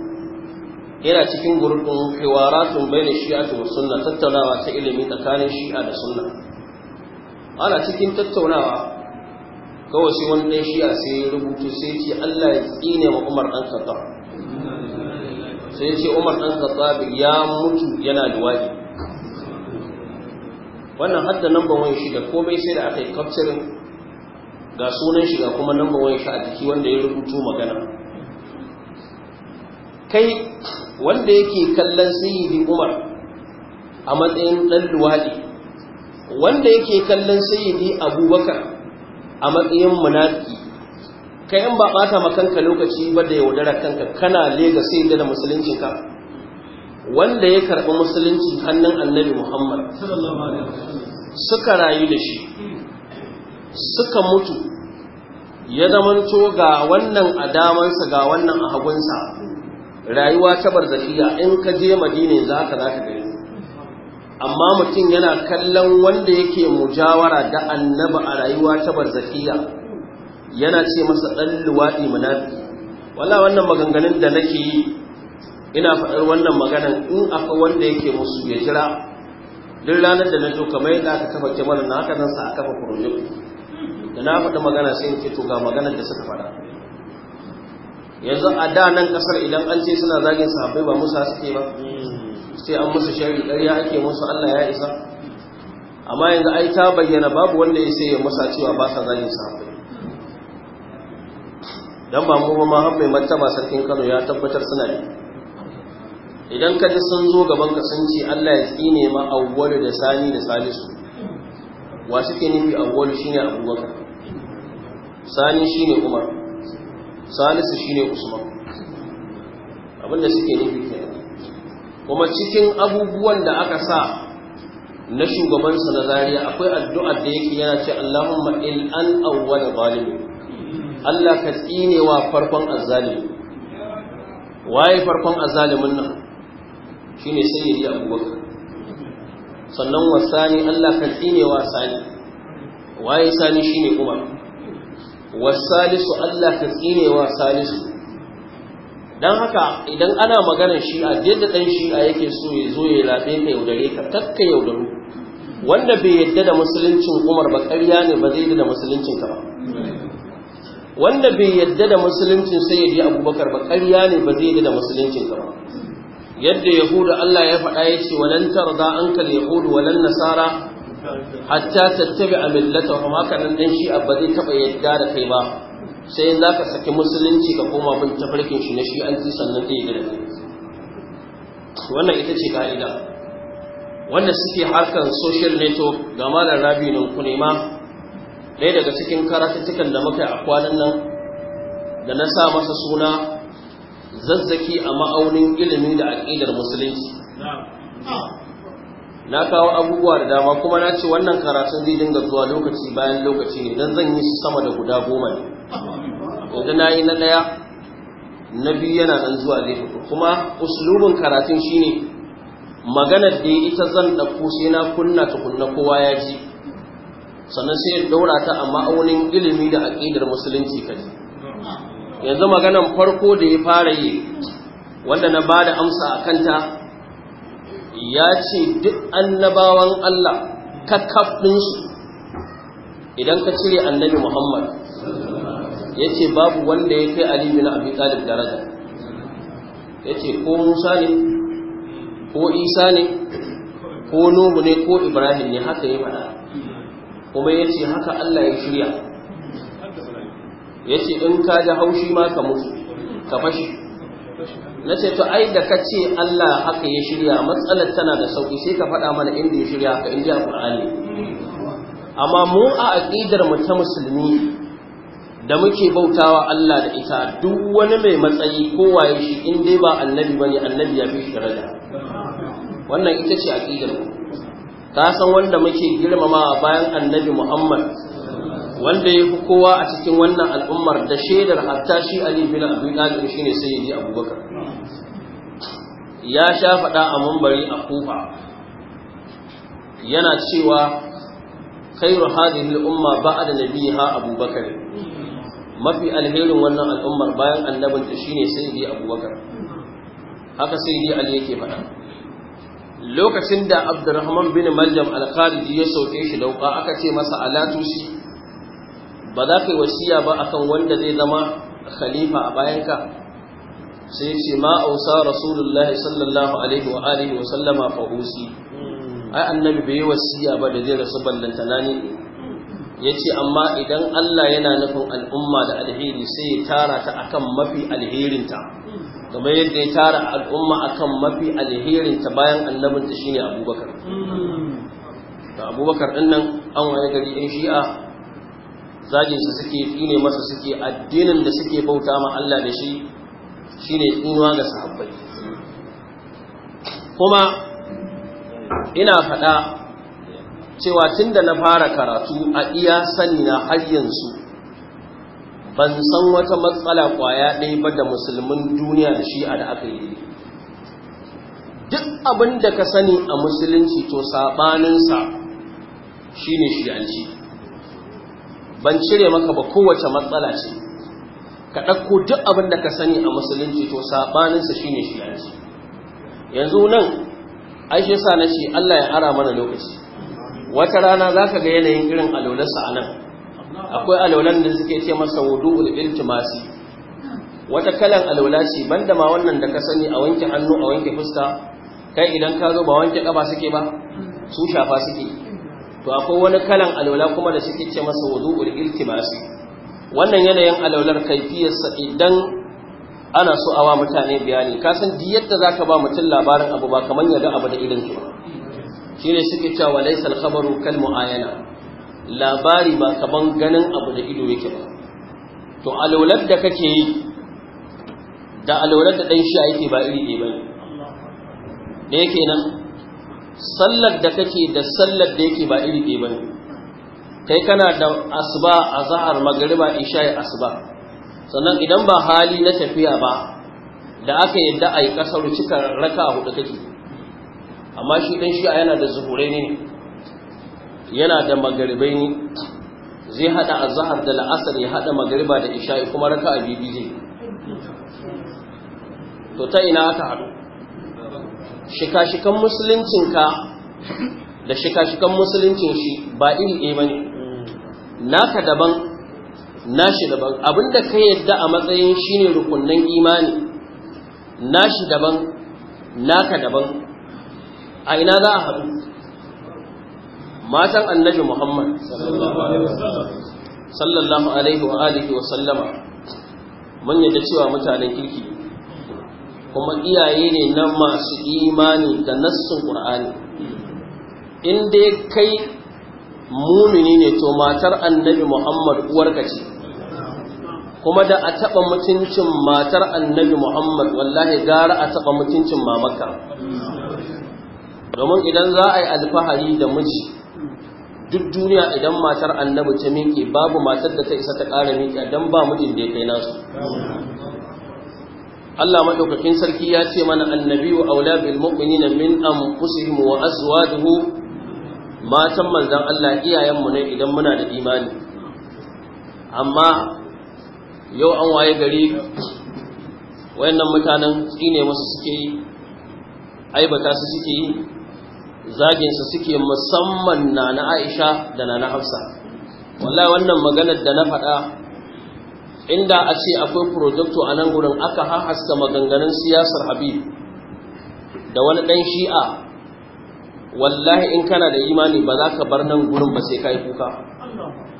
yana cikin gurbin hiwaratun bayan shi'a da sunna tattaunawa ta ilimi tsakanin shi'a da sunna ana cikin tattaunawa kawai sai wani ɗan shi'a sai ya rubutu sai ce Allah ya tsine ma Umar ɗan Khattab sai ce Umar ɗan Khattab ya mutu yana da waje wannan da number one shi da komai sai da aka yi capturing ga sunan shi ga kuma number one shi a jiki wanda ya rubutu magana kai wanda yake kallon sayyidi umar a matsayin ɗan luwaɗi wanda yake kallon sayyidi abubakar a matsayin munafiki kai in ba ɓata makanka lokaci ba da yaudara kanka kana lega sai da musuluncinka wanda ya karɓi musulunci hannun annabi muhammad suka rayu da shi suka mutu ya zamanto ga wannan a damansa ga wannan a hagunsa rayuwa ta barzakiya in ka je madina za ka za ka gani amma mutum yana kallon wanda yake mujawara da annaba a rayuwa ta barzakiya yana ce masa ɗan luwaɗi munafi wala wannan maganganun da nake yi ina faɗar wannan maganan in aka wanda yake musu ya jira duk ranar da na zo kamar yadda aka kafa kyamar na haka nan sa a kafa kurojin da na faɗi magana sai in fito ga maganar da suka faɗa yanzu a da nan kasar idan an ce suna zagin sahabbai ba musa suke ba sai an musu shari ƙarya ake musu Allah ya isa amma yanzu ai ta bayyana babu wanda ya sai ya musa cewa ba sa zagin sahabbai dan ba mu ma har mai martaba sarkin Kano ya tabbatar suna ne idan ka ji sun zo gaban ka sun ce Allah ya tsine ma awwalu da sani da salisu wa suke nufi awwalu shine abubakar sani shine umar salisu shine usman abinda suke nufi kenan kuma cikin abubuwan da aka sa na shugabansa na zariya akwai addu'ar da yake yana ce Allahumma in an awwal zalimi Allah ka tsinewa farkon azzalimi waye farkon azzalimin nan shine sayyidi abubakar sannan wasani Allah ka tsinewa sani waye sani shine umar wasalisu Allah ka wa salisu dan haka idan ana maganar shi'a yadda dan a yake so ya zo ya labe ka yaudare ka takka yaudaru wanda bai yadda da musuluncin Umar ba ƙarya ne ba zai yadda da musuluncin ka ba wanda bai yadda da musuluncin sayyidi Abubakar ba ƙarya ne ba zai yadda da musuluncin ka ba yadda yahudu Allah ya faɗa yace walan tarda ankal yahudu walan nasara hatta tattabi a millatahum haka nan dan shi abba zai taba yadda da kai ba sai za ka saki musulunci ka koma bin tafarkin shi na shi an ji sannan zai yi wannan ita ce ka'ida wanda suke harkan social network ga malam rabi nan ku ma ɗaya daga cikin karatuttukan da muka yi a kwanan nan da na sa masa suna zazzaki a ma'aunin ilimi da aƙidar musulunci na kawo abubuwa da dama kuma na ce wannan karatun zai dinga zuwa lokaci bayan lokaci ne don zan yi su sama da guda goma ne yanzu na yi na ɗaya na biyu yana nan zuwa laifuka kuma uslubin karatun shine maganar da ita zan ɗauko sai na kunna ta tukunna kowa ya ji sannan sai ya ɗaura ta a ma'aunin ilimi da aƙidar musulunci kaji yanzu maganar farko da ya fara yi wanda na ba da amsa a kanta ya ce duk annabawan Allah kafin idan ka cire annabi Muhammad ya ce babu wanda ya kai Ali bin Abi Talib daraja ya ce ko Musa ne ko Isa ne ko Nuhu ne ko Ibrahim ne haka ya faɗa kuma ya ce haka Allah ya shirya ya ce in ka ji haushi ma ka mutu ka fashi na ce to ai da ka ce Allah haka ya shirya matsalar tana da sauki sai ka faɗa mana inda ya shirya haka inda ya Qur'ani amma mu a aqidar mu ta musulmi da muke bautawa Allah da ita duk wani mai matsayi ko waye shi in dai ba annabi bane annabi ya fi shi daraja wannan ita ce aqidar mu ka san wanda muke girmamawa bayan annabi Muhammad wanda ya fi kowa a cikin wannan al'ummar da shaidar hatta shi Ali bin Abi Talib shine yi Abubakar ya sha faɗa a mambari a Kufa yana cewa khairu hadhihi al-umma ba'da nabiha Abubakar mafi alherin wannan al'ummar bayan annabinta shine sayyidi Abubakar haka sayyidi Ali yake faɗa lokacin da abdurrahman bin maljam alkhalidi ya sauke shi dauka aka ce masa Tusi. ba za ka yi wasiya ba akan wanda zai zama khalifa a bayanka sai ce ma ausa rasulullahi sallallahu alaihi wa alihi wa sallama fa usi ai annabi bai yi wasiya ba da zai rasu ballantana ne ya ce amma idan Allah yana nufin al'umma da alheri sai ya tara ta akan mafi alherinta kamar yadda ya tara al'umma akan mafi alherinta bayan annabinta shine abubakar hmm. da abubakar ɗin nan an waye gari ɗin shi'a zagin su suke tsine masa suke addinin da suke bauta ma Allah da shi shine inuwa ga sahabbai kuma ina faɗa cewa tunda na fara karatu a iya sani na har yanzu ban san wata matsala kwaya ɗaya ba da musulmin duniya da shi a da aka yi duk abin da ka sani a musulunci to saɓaninsa shine shi'anci ban cire maka ba kowace matsala ce ka ɗauko duk abin da ka sani a musulunci to saɓaninsa shi ne yanzu nan ai shi sa na ce Allah ya ara mana lokaci wata rana za ka ga yanayin irin alolarsa a nan akwai alolan da suke ce masa wudu iltimasi wata kalan alola ce banda ma wannan da ka sani a wanke hannu a wanke fuska kai idan ka zo ba wanke ƙaba suke ba su shafa suke to akwai wani kalan alwala kuma da suke ce masa wudu'ul iltimas wannan yanayin alwalar kaifiyarsa idan ana so awa mutane bayani ka san di yadda zaka ba mutum labarin abu ba kaman ya ga abu da idan ba shine suke cewa laysal khabaru kal muayana labari ba kaman ganin abu da ido yake ba to alwalar da kake yi da alwalar da dan shi yake ba iri ne ba ne yake nan sallar da kake da sallar da yake ba iri ba ne. kai kana da asuba a magariba isha isha'i asuba sannan idan ba hali na tafiya ba da aka yadda yi ƙasar cikar raka a hudu kake amma shi dan shi yana da zuhurai ne yana da magaribai ne zai hada zahar da la'asar ya hada magariba da isha'i kuma a bibi zai to ta ina aka haɗu shika-shikan musuluncinka da shika-shikan musuluncin shi ba iri ɗaya ba ne naka daban nashi daban abinda ka yadda a matsayin shine rukunnan imani nashi daban naka daban a ina za a haɗu matan annabi muhammad sallallahu alaihi wa alihi wa sallama mun yadda cewa mutanen kirki kuma iyaye ne na masu imani da nassin ƙur'ani in dai kai mumini ne to matar annabi muhammad uwarka ce kuma da a taɓa mutuncin matar annabi muhammad wallahi gara a taɓa mutuncin mamaka domin idan za a yi alfahari da miji duk duniya idan matar annabi ta miƙe babu matar da ta isa ta ƙara miƙe don ba mijin da ya kai nasu Allah madaukakin sarki ya ce mana annabi wa aula bil mu'minina min anfusihim wa azwajuhu matan manzon Allah iyayen mu ne idan muna da imani amma yau an waye gari wayannan mutanen tsine musu suke yi aibata su suke yi zagin su suke musamman na na Aisha da na na Hafsa wallahi wannan maganar da na faɗa inda a ce akwai projecto a nan gudun, aka hahaska maganganun siyasar habib da wani ɗan shi'a wallahi in kana da imani ba za ka bar nan gudun ba sai ka yi kuka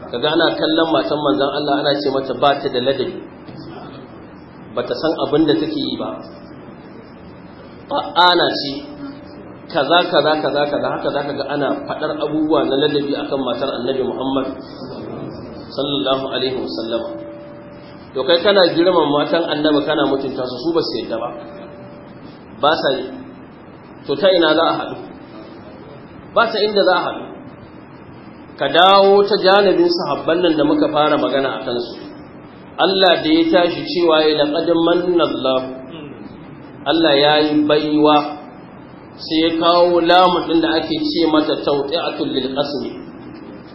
Ka gana kallon matan manzan Allah ana ce mata ba ta da ladabi ba ta san abin da take yi ba ana ce kaza kaza kaza kaza haka ka ga ana faɗar abubuwa na ladabi akan matar annabi Muhammad sallallahu alaihi wasallama to kai kana girman matan annabi kana mutunta su su ba su yadda ba ba sa yi to ta ina za a haɗu ba sa inda za a haɗu ka dawo ta janibin sahabban nan da muka fara magana a kansu Allah da ya tashi cewa ya laƙadin manna Allah Allah ya yi baiwa sai ya kawo lamun ɗin da ake ce mata a lil qasmi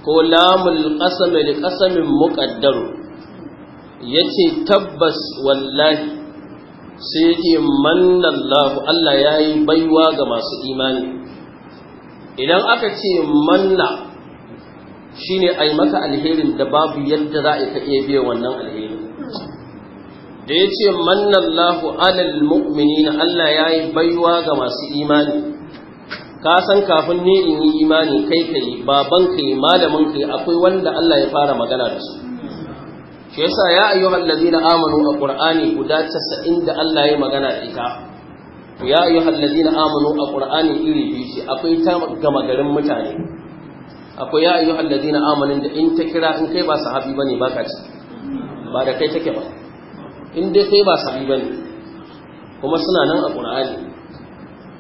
ko lamun qasmi da muƙaddaru Yace tabbas wallahi sai ya ce mannallahu Allah ya yi baiwa ga masu imani idan aka ce manna shi ai a yi maka alherin da babu yadda za a iya biya wannan alherin da yace ce mannallahu alal mu'mini Allah ya yi baiwa ga masu imani ka san kafin ne in yi imani kai kai baban kai malamin kai akwai wanda Allah ya fara magana da su shi yasa ya ayyuhal ladina amanu a qur'ani guda 90 da Allah ya magana da ita ya ayyuhal ladina amanu a qur'ani iri biyu ce akwai ta gama garin mutane akwai ya ayyuhal ladina amanu da in ta kira in kai ba sahabi bane ba ka ci ba da kai take ba in dai kai ba sahabi bane kuma suna nan a qur'ani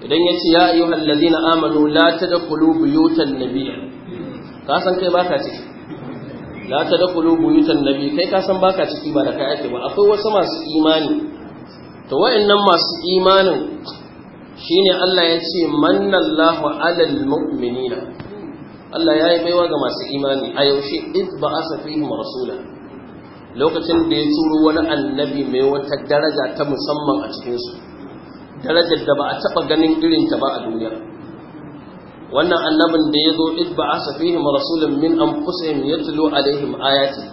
idan yace ya ayyuhal ladina amanu la tadkhulu buyutan nabiy ka san kai ba ka ci. la kulu buyutan nabi kai ka san baka ciki ba da kai ba akwai wasu masu imani to wa'annan masu imanin shine Allah ya ce mannallahu alal mu'minina Allah ya yi baiwa ga masu imani a yaushe id ba'asa fihim rasula lokacin da ya turo wani annabi mai wata daraja ta musamman a cikin su darajar da ba a taba ganin irin ta ba a duniya wannan annabin da ya zo idba asa fihim rasulun min anfusihim yatlu alaihim ayati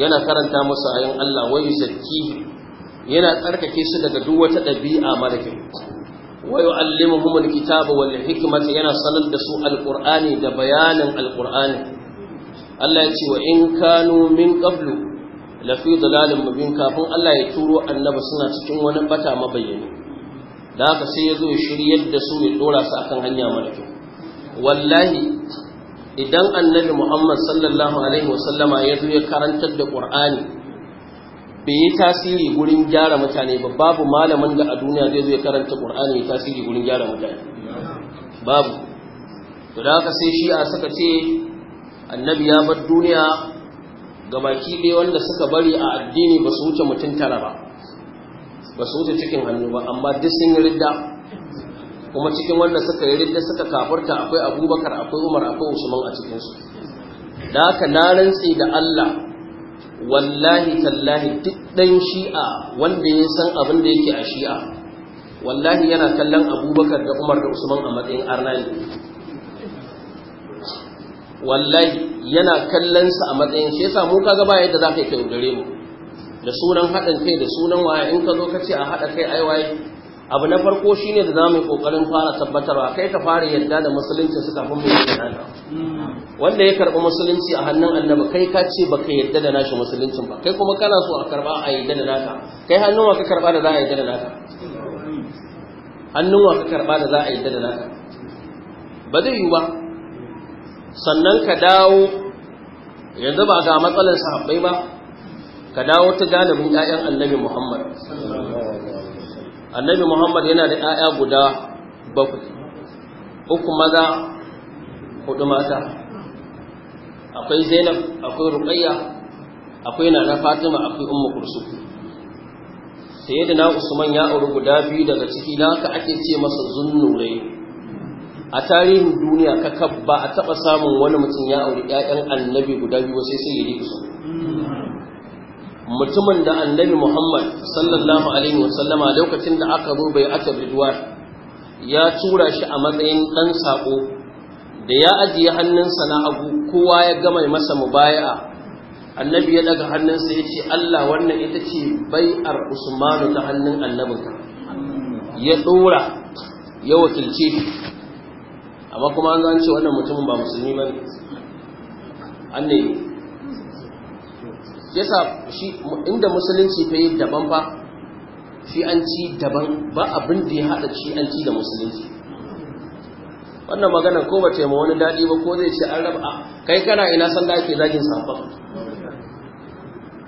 yana karanta musu ayin Allah wa yuzakkihi yana tsarkake su daga duk wata ɗabi'a mara kyau wa yu'allimuhum kitabu wal hikmata yana sanar da su alqur'ani da bayanin alqur'ani Allah ya ce wa in kanu min qablu lafi dalalin mubin kafin Allah ya turo annabi suna cikin wani bata mabayyani da haka sai ya zo ya shiryar da su ya dora su akan hanya mara kyau wallahi idan annabi Muhammad sallallahu alaihi wasallama ya zo ya karantar da ƙur'ani, bai yi tasiri gurin gyara mutane ba babu malamin da a duniya zai zo ya karanta ƙur'ani ya tasiri gurin gyara mutane babu to da haka sai shi a suka ce annabi ya bar duniya ga baki ɗaya wanda suka bari a addini ba su wuce mutum tara ba ba su wuce cikin hannu ba amma duk sun yi ridda kuma cikin wannan suka yi ridda suka kafurta akwai abubakar akwai umar akwai usman a cikinsu da haka na rantse da allah wallahi tallahi duk ɗan shi'a wanda ya san abin da yake a shi'a wallahi yana kallon abubakar da umar da usman a matsayin arnani wallahi yana kallon sa a matsayin shi yasa mu kaga ba yadda zaka kai gare mu da sunan haɗin kai da sunan waya in ka zo ka ce a haɗa kai ai waye abu na farko shine da zamu yi kokarin fara tabbatarwa kai ka fara yadda da musulunci suka fi mai yadda wanda ya karɓi musulunci a hannun annabi kai ka ce baka yadda da nashi musuluncin ba kai kuma kana so a karɓa a yadda da naka kai hannun wa ka karɓa da za a yadda da naka hannun wa ka karɓa da za a yadda da naka ba zai yi ba sannan ka dawo yanzu ba ga matsalar sahabbai ba ka dawo ta galibin ƴaƴan annabi muhammad annabi muhammad yana da 'ya'ya guda bakwai uku maza hudu mata akwai zainab akwai ruqayya akwai nana fatima akwai ummu kursum sayyidina usman ya auri guda biyu daga ciki da ka ake ce masa zunnure a tarihin duniya ka ba a taba samun wani mutum ya auri 'ya'yan annabi guda biyu sai sai yi usman mutumin da annabi Muhammad sallallahu alaihi wa sallama, lokacin da aka zo bai aka bidwa ya tura shi a matsayin dan sako da ya ajiye hannunsa na hagu kowa ya gama masa mubaya'a annabi ya daga hannunsa ya ce Allah wannan ita ce bai'ar Usmanu ta hannun annabinka ya tura ya wakilce shi amma kuma an ce wannan mutumin ba musulmi bane annabi yasa shi inda musulunci ta yi daban ba, shi an ci daban ba abin da ya haɗa shi an ci da musulunci wannan magana ko ba taimaka wani daɗi ba ko zai ce an raba kai kana ina san da ake zagin safa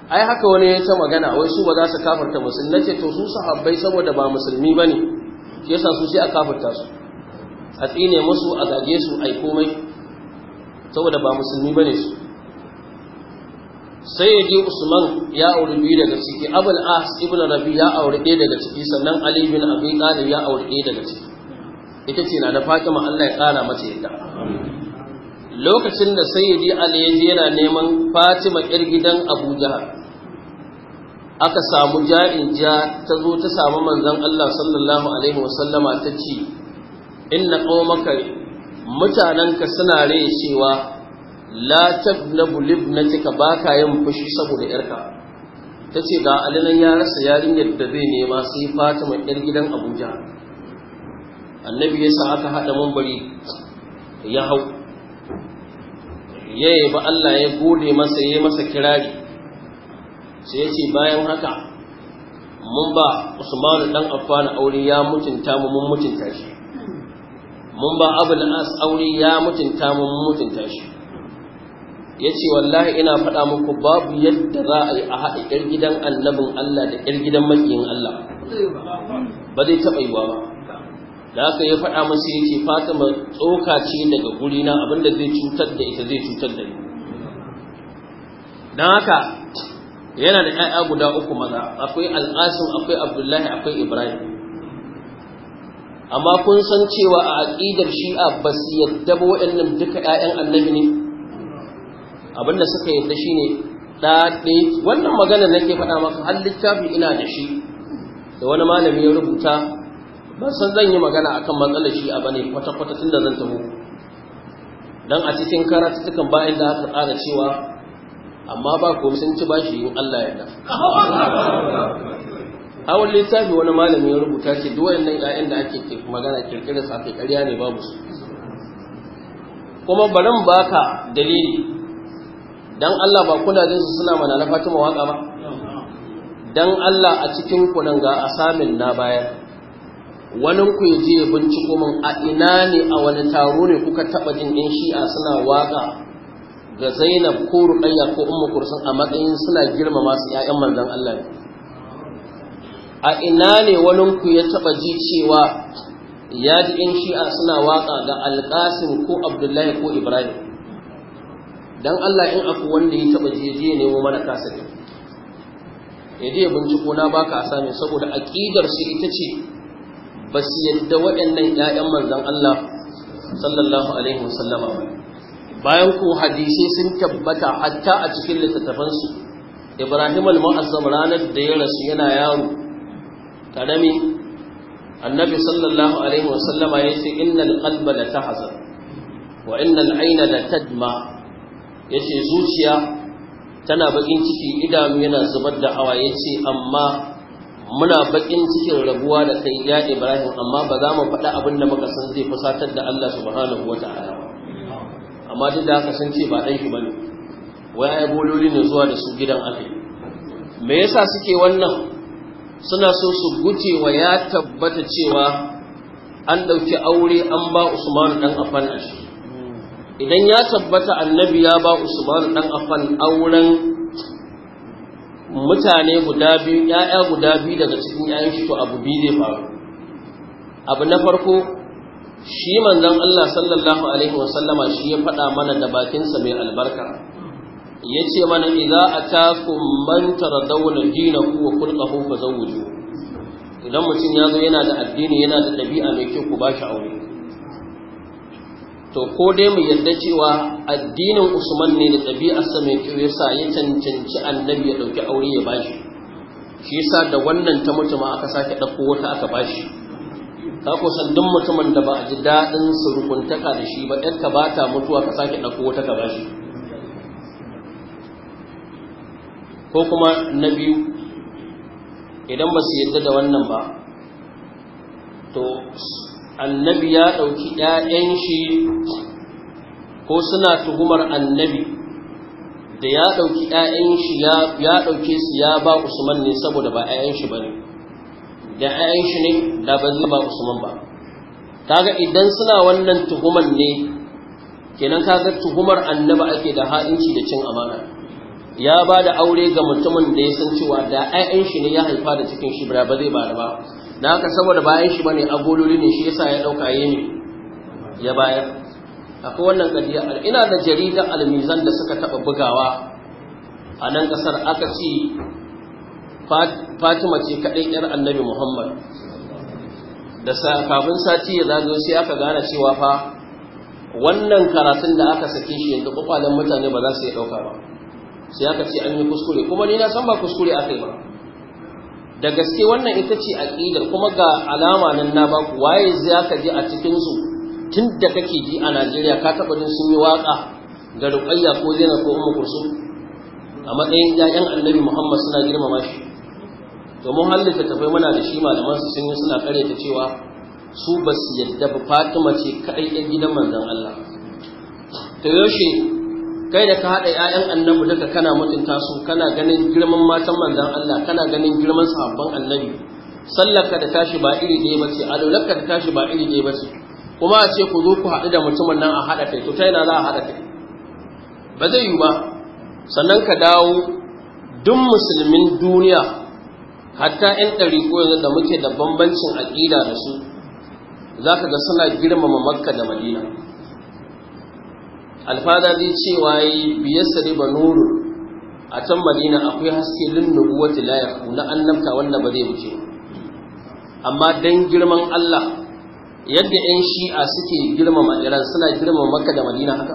ai haka wani ya ta magana wai su ba za su kafarta musulmi ce to su sahabbai saboda ba musulmi ba ne? yasa su sai a kafarta su a tsine musu a zage su ai komai saboda ba musulmi ba ne su sai ya je usman ya auri biyu daga ciki abul as ibn rabi ya auri ɗaya daga ciki sannan ali bin abi talib ya auri ɗaya daga ciki ita ce na da fatima allah ya ƙara mata yadda lokacin da sayyidi ali ya je yana neman fatima ƴar gidan abuja aka samu ja'in ja ta zo ta samu manzon allah sallallahu alaihi wasallama ta ce inna qaumaka mutanenka suna rai cewa la tabnabu libnatika baka yin fushi saboda yarka tace ga alinan ya rasa yarinyar da zai nema sai Fatima yar gidan Abuja annabi ya sa aka hada mambari ya hau yayi ba Allah ya gode masa yayi masa kirari sai yace bayan haka mun ba Usman dan Affan aure ya mutunta mu mun mutunta shi mun ba Abul As aure ya mutunta mu mun mutunta shi ya ce wallahi ina faɗa muku babu yadda za a yi a haɗa ƴar gidan annabin Allah da ƴar gidan makiyin Allah ba zai taɓa yiwa ba da haka ya faɗa masu ya ce fatima tsoka ce daga gurina abinda zai cutar da ita zai cutar da ni don haka yana da 'ya'ya guda uku maza akwai alƙasim akwai abdullahi akwai ibrahim amma kun san cewa a aƙidar shi'a ba su yadda ba waɗannan duka 'ya'yan annabi ne abinda suka yadda shine ɗaɗe wannan maganar nake faɗa maka har shafi ina da shi da wani malami ya rubuta ban san zan yi magana akan matsalar shi a bane kwata-kwata tun da zan taho dan a cikin cikin bayan da aka tsara cewa amma ba ko sun ci bashi in Allah ya A wani littafi wani malami ya rubuta ce duk wayannan ƴaƴan da ake magana kirkirar sa kai ƙarya ne babu su kuma barin baka dalili dan Allah ba kuna jin su suna mana na Fatima waka ba dan Allah a cikin ku nan ga asamin na bayan, wani ku je ya binciko min a ina ne a wani taro ne kuka taba jin yan shi'a suna waka ga Zainab ko Ruqayya ko Ummu Kursun a matsayin suna girmama su ƴaƴan manzon Allah ne a ina ne wani ku ya taba ji cewa ya ji yan shi'a suna waka ga Alƙasim ko Abdullahi ko Ibrahim dan Allah in aku wanda ya taba jeje ne mu mana kasafi ya je binciko na baka asami saboda aqidar su ita ce ba su yadda waɗannan 'ya'yan manzon Allah sallallahu alaihi wasallama bayan ko hadisi sun tabbata hatta a cikin littattafan su Ibrahim al-Mu'azzam ranar da ya rasu yana yaro karami annabi sallallahu alaihi wasallama yace innal qalba la tahzan wa innal ayna la tadma ya ce zuciya tana bakin ciki idanu yana zubar da hawa ya ce amma muna bakin cikin rabuwa da kai ya ibrahim amma ba za mu faɗa abin da muka san zai fusatar da allah subhanahu wa ta'ala amma duk da haka sun ce ba ɗan shi bane wai ai bololi ne zuwa da su gidan afi me yasa suke wannan suna so su guje wa ya tabbata cewa an ɗauki aure an ba usman dan afan shi idan ya tabbata annabi ya ba usman dan afan auren mutane guda biyu ƴaƴa guda biyu daga cikin ƴaƴan shi to abu biyu zai faru abu na farko shi manzon Allah sallallahu alaihi wasallama shi ya faɗa mana da bakinsa mai albarka yace mana idza atakum man taradawna dinahu wa khulquhu fazawwiju idan mutum ya zo yana da addini yana da ɗabi'a mai kyau ku ba shi aure to ko dai mu yarda cewa addinin usman ne da ɗabi'arsa mai kyau yasa ya cancanci annabi ya ɗauki aure ya bashi shi yasa da wannan ta mutuma aka sake ɗauko wata aka bashi ka kusan duk mutumin da ba a ji daɗin surukuntaka da shi ba ɗan ka bata mutuwa ka sake ɗauko wata ka bashi ko kuma na biyu idan ba su yarda da wannan ba to annabi ya ɗauki ‘ya'yan shi ko suna tuhumar annabi da ya ɗauki ‘ya'yan shi ya ɗauke su ya ba Usman ne saboda ba ‘ya'yan shi ba ne, da ‘ya'yan shi ne da ba zai ba Usman ba. Kaga idan suna wannan tuhumar ne, kenan kaga tuhumar annabi ake da ha'inci da cin amana. Ya ba da aure ga mutumin da ya san cewa da ‘ya'yan shi ne ya haifa da cikin shi ba zai ba da ba. da haka saboda bayan shi bane agololi ne shi yasa ya dauka yini ya bayar akwai wannan gadiya ina da jarida almizan da suka taba bugawa a nan kasar aka ci Fatima ce kadai yar Annabi Muhammad da kafin sati ya zazo, sai aka gane cewa fa wannan karatun da aka sake shi yanzu kwakwalen mutane ba za su yi dauka ba sai aka ce an yi kuskure kuma ni na san ba kuskure aka yi ba da gaske wannan ita ce aqidar kuma ga alama nan na ba ku waye za ka ji a cikin su tun da kake ji a Najeriya ka taba jin sun yi waka ga ruƙayya ko Zainab ko Ummu kursu a matsayin ƴaƴan Annabi Muhammad suna girmama shi mun halitta tafai muna da shi malaman su sun yi suna karyata cewa su ba su yadda ba Fatima ce kaɗai ɗan gidan manzon Allah to yaushe kai da ka haɗa ‘ya'yan annabi duka kana mutunta su kana ganin girman matan manzan Allah kana ganin girman sahabban annabi sallaka da tashi ba iri ɗaya ba ce alulaka da tashi ba iri ɗaya ba ce kuma a ce ku zo ku haɗu da mutumin nan a haɗa kai to ta yana za a haɗa kai ba zai yi ba sannan ka dawo duk musulmin duniya hatta ‘yan ɗari yanzu da muke da bambancin aƙida da su za ka ga suna girmama makka da madina alfada zai cewa yi biyarsa riba nuru a can madina akwai haske linnubu wata layar na annabta wanda ba zai wuce amma don girman allah yadda 'yan shi'a suke girmama iran suna girmama maka da madina haka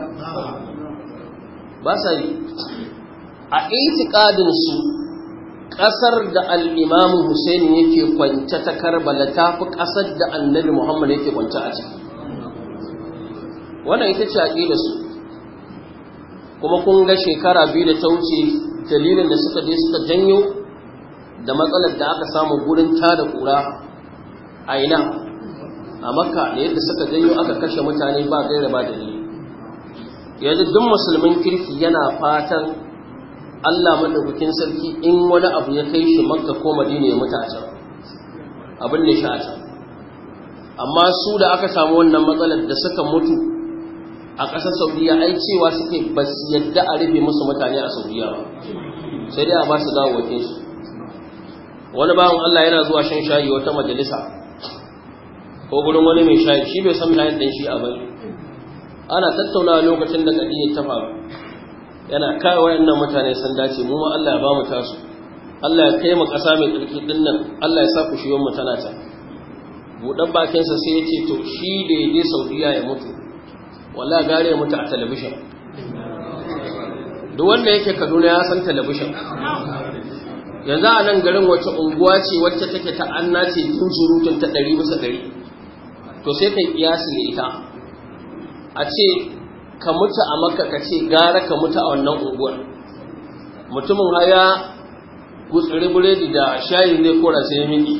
ba sa yi a su ƙasar da al'imamu Hussein yake kwanta ta karbala ta fi ƙasar da annabi Muhammad yake kwanta a ciki. Wannan ita ce da su, kuma kun ga shekara biyu da ta wuce dalilin da suka je suka janyo da matsalar da aka samu gurin tada kura a ina a makka da yadda suka janyo aka kashe mutane ba gaira ba dalili yanzu duk musulmin kirki yana fatan Allah madaukakin sarki in wani abu ya kai shi makka ko madina ya mutu a can abin da a can amma su da aka samu wannan matsalar da suka mutu a ƙasar saudiya ai cewa suke ba su yadda a rufe musu mutane a saudiya ba sai dai a ba su dawowakin su wani bawan allah yana zuwa shan shayi wata majalisa ko gudun wani mai shayi shi bai sami shayin ɗanshi a bai ana tattaunawa lokacin da kadiyar ta faru yana kawo wayannan mutane sun dace mu ma Allah ya ba mu tasu Allah ya kai mu ƙasa mai tsarki dinnan Allah ya sa ku shiyon mu tana ta buɗan bakinsa sai ya ce to shi da ya je Saudiya ya mutu walla gare mutu a talabishin duk wanda yake kaduna ya san talabishin yanzu a nan garin wacce unguwa ce wacce take ta anna ce jirutun ta ɗari bisa ɗari to sai yi kiyasi da ita a ce ka mutu a maka ka ce gara ka mutu a wannan unguwar mutumin haya gutsiri buredi da shayi zai kora sai mini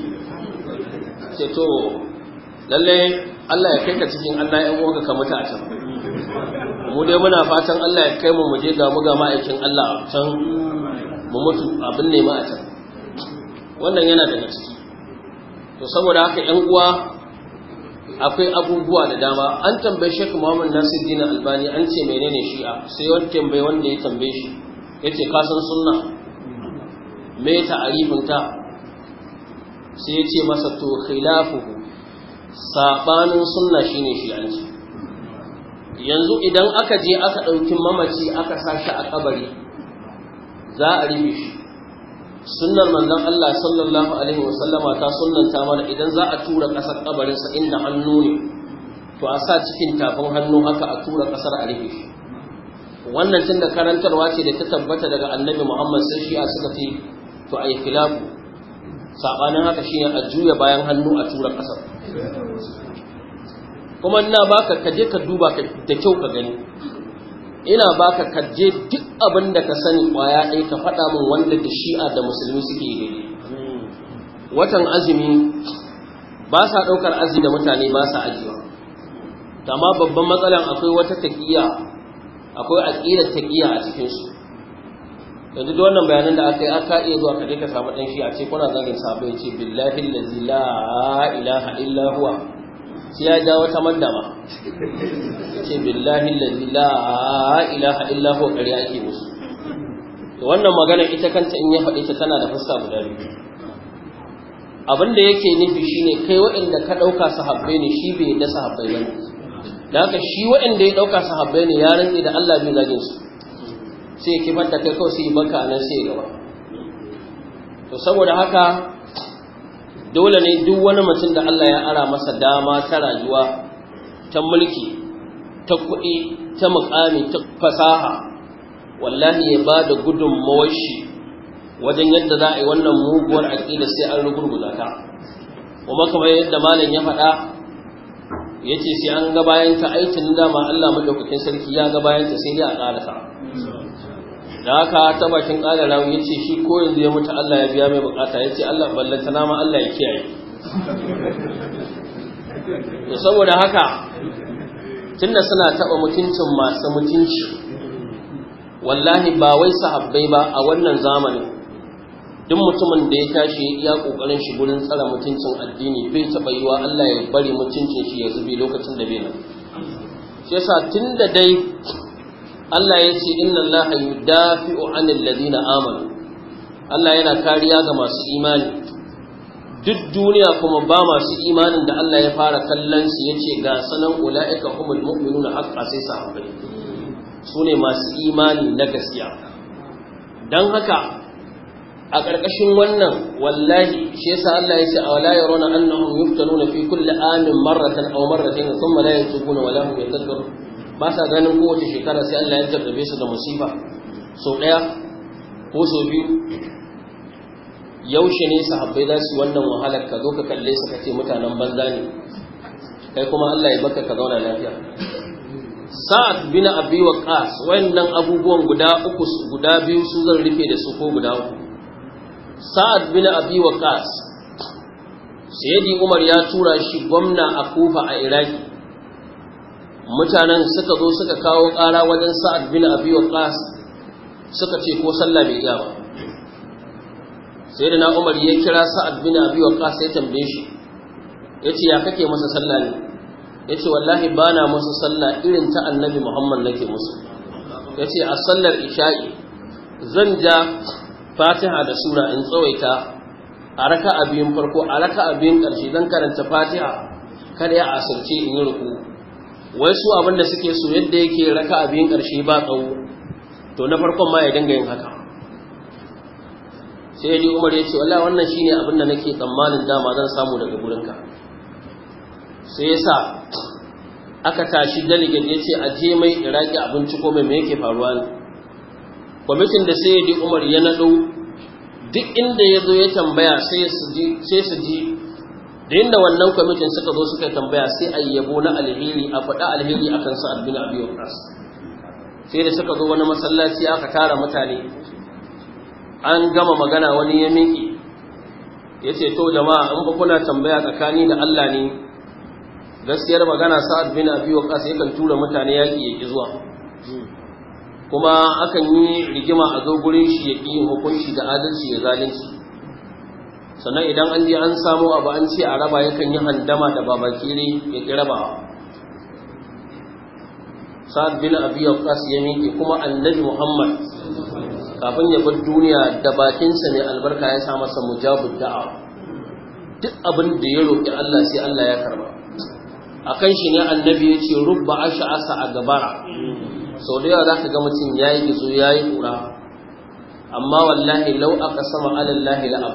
ce to lallai Allah ya kai ka cikin Allah ya uwanka ka mutu a can mu dai muna fatan Allah ya kai mu muje ga mu ga ma'aikin Allah a can mu mutu abin ne ma a can wannan yana da ciki to saboda haka ƴan uwa akwai abubuwa da dama an tambaye Sheikh Muhammad Nasiruddin Albani an ce menene shi'a sai wani tambaye wanda ya tambaye shi yace ka san sunna me ta'arifin ta sai yace masa to khilafu sabanin sunna shine shi'anci yanzu idan aka je aka ɗauki mamaci aka sashi a kabari za a rufe shi sunnar manzon Allah sallallahu alaihi Sallama ta sunnanta mana idan za a tura ƙasar kabarinsa inda hannu ne to a sa cikin tafin hannu haka a tura ƙasar a rufe shi wannan tunda karantarwa ce da ta tabbata daga annabi Muhammad sai shi a suka ce to ayi filafu. sabanin haka shine a juya bayan hannu a tura ƙasar kuma ina baka ka je ka duba da kyau ka gani ina baka ka je duk abin da ka sani kwaya ɗaya ka faɗa min wanda da shi'a da musulmi suke yi watan azumi ba sa ɗaukar azumi da mutane ba sa ajiyewa amma babban matsalan akwai wata taƙiya akwai aƙidar taƙiya a cikinsu yanzu da wannan bayanan da aka yi aka iya zuwa ka je ka samu ɗan shi a ce kuna zagin sabo ya ce billahi la ilaha illa huwa sai ya dawo ta mandama ce billahi la ilaha illa huwa ake musu to wannan magana ita kanta in ya faɗi ta tana da fassa guda biyu abin da yake nufi shine kai waɗanda ka ɗauka sahabbai ne shi bai yadda sahabbai ba ne da haka shi waɗanda ya ɗauka sahabbai ne ya rantse da Allah bai zagin su sai ya kifar da kai kawai sai ya banka nan sai ya gaba to saboda haka dole ne duk wani mutum da Allah ya ara masa dama ta rayuwa ta mulki ta kuɗi ta mukami ta fasaha wallahi ya ba da gudunmawar shi wajen yadda za a yi wannan muguwar aƙida sai an rugurguza ta kuma kamar yadda malam ya faɗa ya ce sai an ga bayan ta aikin dama Allah madaukakin sarki ya ga bayan ta sai dai a ƙarasa da haka ta bakin ƙara rawun ya ce shi ko yanzu ya mutu Allah ya biya mai bukata ya ce Allah ballanta nama Allah ya kiyaye to saboda haka tunda suna taɓa mutuncin masu mutunci wallahi ba wai sahabbai ba a wannan zamanin duk mutumin da ya tashi ya kokarin shi gurin tsara mutuncin addini bai taɓa yiwa Allah ya bari mutuncin shi ya zube lokacin da bai nan shi yasa tunda dai Allah ya ce inna Allah yudafi'u 'anil ladina amanu Allah yana kariya ga masu imani duk duniya kuma ba masu imanin da Allah ya fara kallon su yace ga sanan ula'ika humul mu'minuna haqqan sai sahabbai sune masu imani na gaskiya dan haka a ƙarƙashin wannan wallahi shi yasa Allah ya ce a wala yarawna annahum yuftanuna fi kulli amin marratan aw marratayn thumma la yatubuna wala hum yadhakkarun ba sa ganin kowace shekara sai Allah ya tarbe su da musiba sau ɗaya ko sau biyu yaushe ne sahabbai za su wannan wahalar ka zo ka kalle su kace mutanen banza ne kai kuma Allah ya baka ka zauna lafiya sa'ad bin abi waqas wayannan abubuwan guda uku guda biyu su zan rufe da su ko guda uku sa'ad bin abi waqas sayyidi umar ya tura shi gwamna a kufa a iraki mutanen suka zo suka kawo kara wajen sa'ad bin abi waqas suka ce ko sallah bai Sai da na umar ya kira sa'ad bin abi waqas ya tambaye shi yace ya kake masa sallah ne yace wallahi bana masa sallah irin ta annabi muhammad nake musu yace a sallar isha'i zan ja fatiha da sura in tsawaita a raka'a biyun farko a raka'a biyun ƙarshe zan karanta fatiha kada ya asirce in yi ruku wai su abin da suke so yadda yake raka abin ƙarshe ba tsawo to na farkon ma ya dinga yin haka sai yadda umar ya ce wala wannan shi ne abin da nake tsammanin dama zan samu daga gurinka sai ya sa aka tashi delegate ya ce a je mai iraki abinci ko mai yake faruwa ne kwamitin da sai yadda umar ya naɗo duk inda ya zo ya tambaya sai su ji da inda wannan kwamitin suka zo suka tambaya sai a yabo na alheri a faɗa alheri a kan sa'ad bin abi waqas sai da suka zo wani masallaci aka tara mutane an gama magana wani ya miƙe ya ce to jama'a in ba kuna tambaya tsakani da Allah ne gaskiyar magana sa'ad bin abi ya yakan tura mutane yaƙi ya ƙi zuwa kuma akan yi rigima a zo gurin shi ya ƙi hukunci da adalci ya zalunci sannan idan an je an samu abu an ce a raba yakan yi handama da babakire ya ƙi sa'ad bin abi yaqas ya miƙe kuma annabi muhammad kafin ya bar duniya da bakinsa ne, albarka ya sa masa mujabu da'a duk abin da ya roƙi Allah sai Allah ya karba akan shi ne annabi ya ce rubba asa a gabara sau da yawa za ka ga mutum ya yi gizo ya yi ƙura amma wallahi law aqsama ala allahi la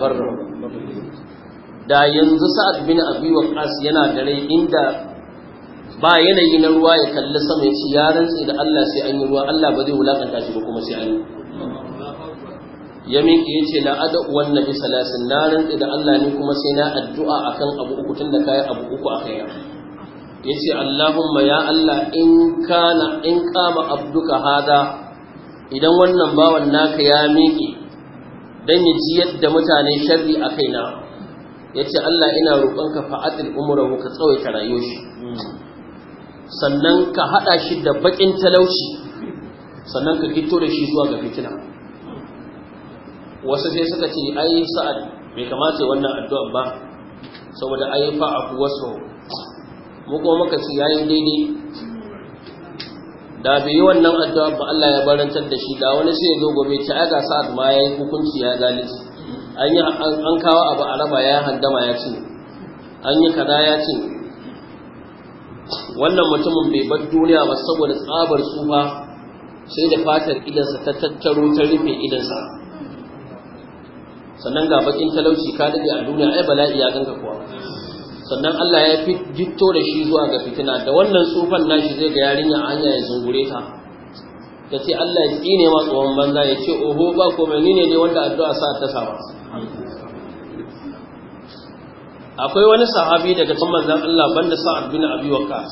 da yanzu sa'ad bin abi waqas yana da rai inda ba yanayi na ruwa ya kalli sama ya ci ya rantsi da Allah sai an yi ruwa Allah ba zai wulakanta shi ba kuma sai an yi Yamin ki, ya ce la'ada uwan nabi salasin na rantsi da Allah ne kuma sai na addu'a akan abu uku tun da kayi abu uku a ya ce Allahumma ya Allah in kana in kama abduka hada idan wannan bawan naka ya miƙe dan ya ji yadda mutane sharri a kaina ce Allah ina roƙonka fa'atil umrahu ka tsawaita rayuwar shi sannan ka haɗa shi da bakin talauci sannan ka fito da shi zuwa ga fitina wasu sai suka ce ai sa'ad bai kamata wannan addu'an ba saboda ai fa'a wasu mu kuma muka ce yayin daidai da bai yi wannan addu'a ba Allah ya barantar da shi da wani sai ya zo gobe ta aga sa'ad ma yayi hukunci ya zalisi an yi an kawo abu a raba ya handama ya ce, an yi kaza ya ce. wannan mutumin bai bar duniya ba saboda tsabar tsufa sai da fatar idansa ta tattaro ta rufe idansa sannan ga bakin talauci ka dade a duniya ai bala'i ya ganka kuwa sannan Allah ya fi jitto da shi zuwa ga fitina da wannan tsufan nashi zai ga yarinya hanya ya zungure ta ta ce Allah ya tsine ma tsohon banza ya ce oho ba komai ni ne wanda addu'a sa ta sama akwai wani sahabi daga cikin manzon Allah banda sa'ad bin abi waqas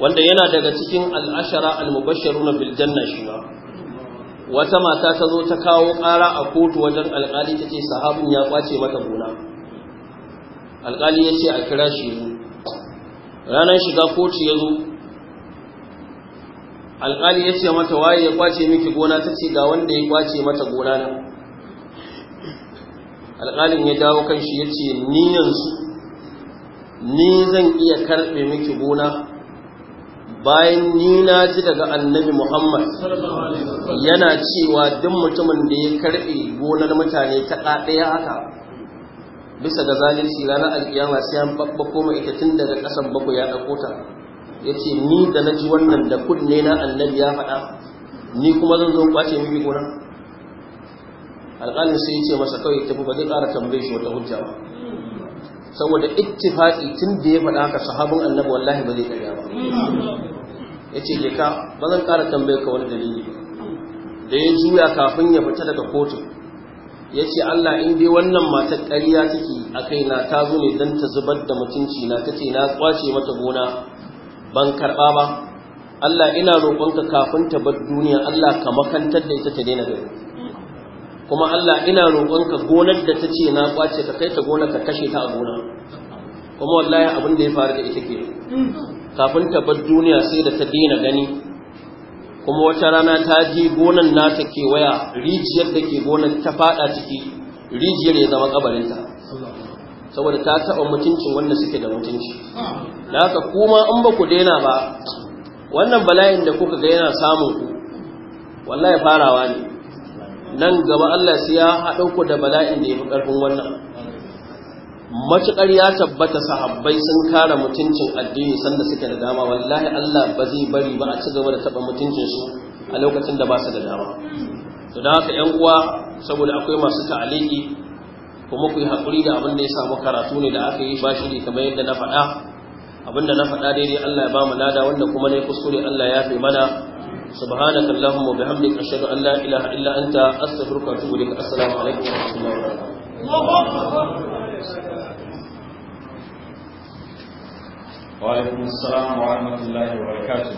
wanda yana daga cikin al-ashara al-mubashshiruna bil janna shi ba wata mata ta zo ta kawo ƙara a kotu wajen ta ce sahabin ya kwace mata gona alƙali ya ce a kira shi mu ranar shiga kotu ya zo alƙali ya ce mata waye ya kwace miki gona ta ce ga wanda ya kwace mata gona na alƙalin ya dawo kan shi ya ce ni yanzu ni zan iya karɓe miki gona bayan ni na ji daga annabi Muhammad yana cewa duk mutumin da ya karɓe gonar mutane ta ɗaya haka bisa ga zalunci ranar alkiyama sai an babbako mai ita tun daga ƙasan bakwai ya ɗauko ta ya ce ni da na ji wannan da kunne na annabi ya faɗa ni kuma zan zo kwace miki gona alƙalin sai ya ce masa kawai tafi ba zai ƙara tambaye shi wata hujja ba saboda ittifaqi tun da ya faɗa haka sahabin annabi wallahi ba zai ƙarya ba ya ce ka ba zan ƙara tambaye ka wani dalili da ya juya kafin ya fita daga kotun ya ce Allah in dai wannan matar ƙarya take a kaina ta zo ne don ta zubar da mutunci na ta ce na kwace mata gona ban karɓa ba Allah ina roƙonka kafin ta bar duniya Allah ka makantar da ita ta daina gari kuma Allah ina roƙonka gonar da ta ce na kwace ka kai ta gona ka kashe ta a gona kuma wallahi abin da ya faru da ita ke kafin ta bar duniya sai da ta daina gani kuma wata rana ta je gonan nata kewaya rijiyar da ke gonan ta fada ciki rijiyar ya zama kabarinta saboda ta taba mutuncin wanda suke da mutunci da haka kuma an ba ku daina ba wannan bala'in da kuka ga yana samun ku wallahi farawa ne nan gaba Allah sai ya haɗa ku da bala'in da ya fi ƙarfin wannan matuƙar ya tabbata sahabbai sun kare mutuncin addini sanda suke da dama wallahi Allah ba zai bari ba a ci gaba da taɓa mutuncin su a lokacin da ba su da dama to da haka ƴan uwa saboda akwai masu ta'aliki kuma ku yi haƙuri da abin da ya samu karatu ne da aka yi bashi ne kamar yadda na faɗa abin da na faɗa daidai Allah ya ba mu lada wanda kuma ne kuskure Allah ya fi mana سبحانك اللهم وبحمدك أشهد أن لا إله إلا أنت أستغفرك وأتوب إليك السلام عليكم ورحمة الله وبركاته Wa'alaikun salam wa rahmatullahi wa barakatu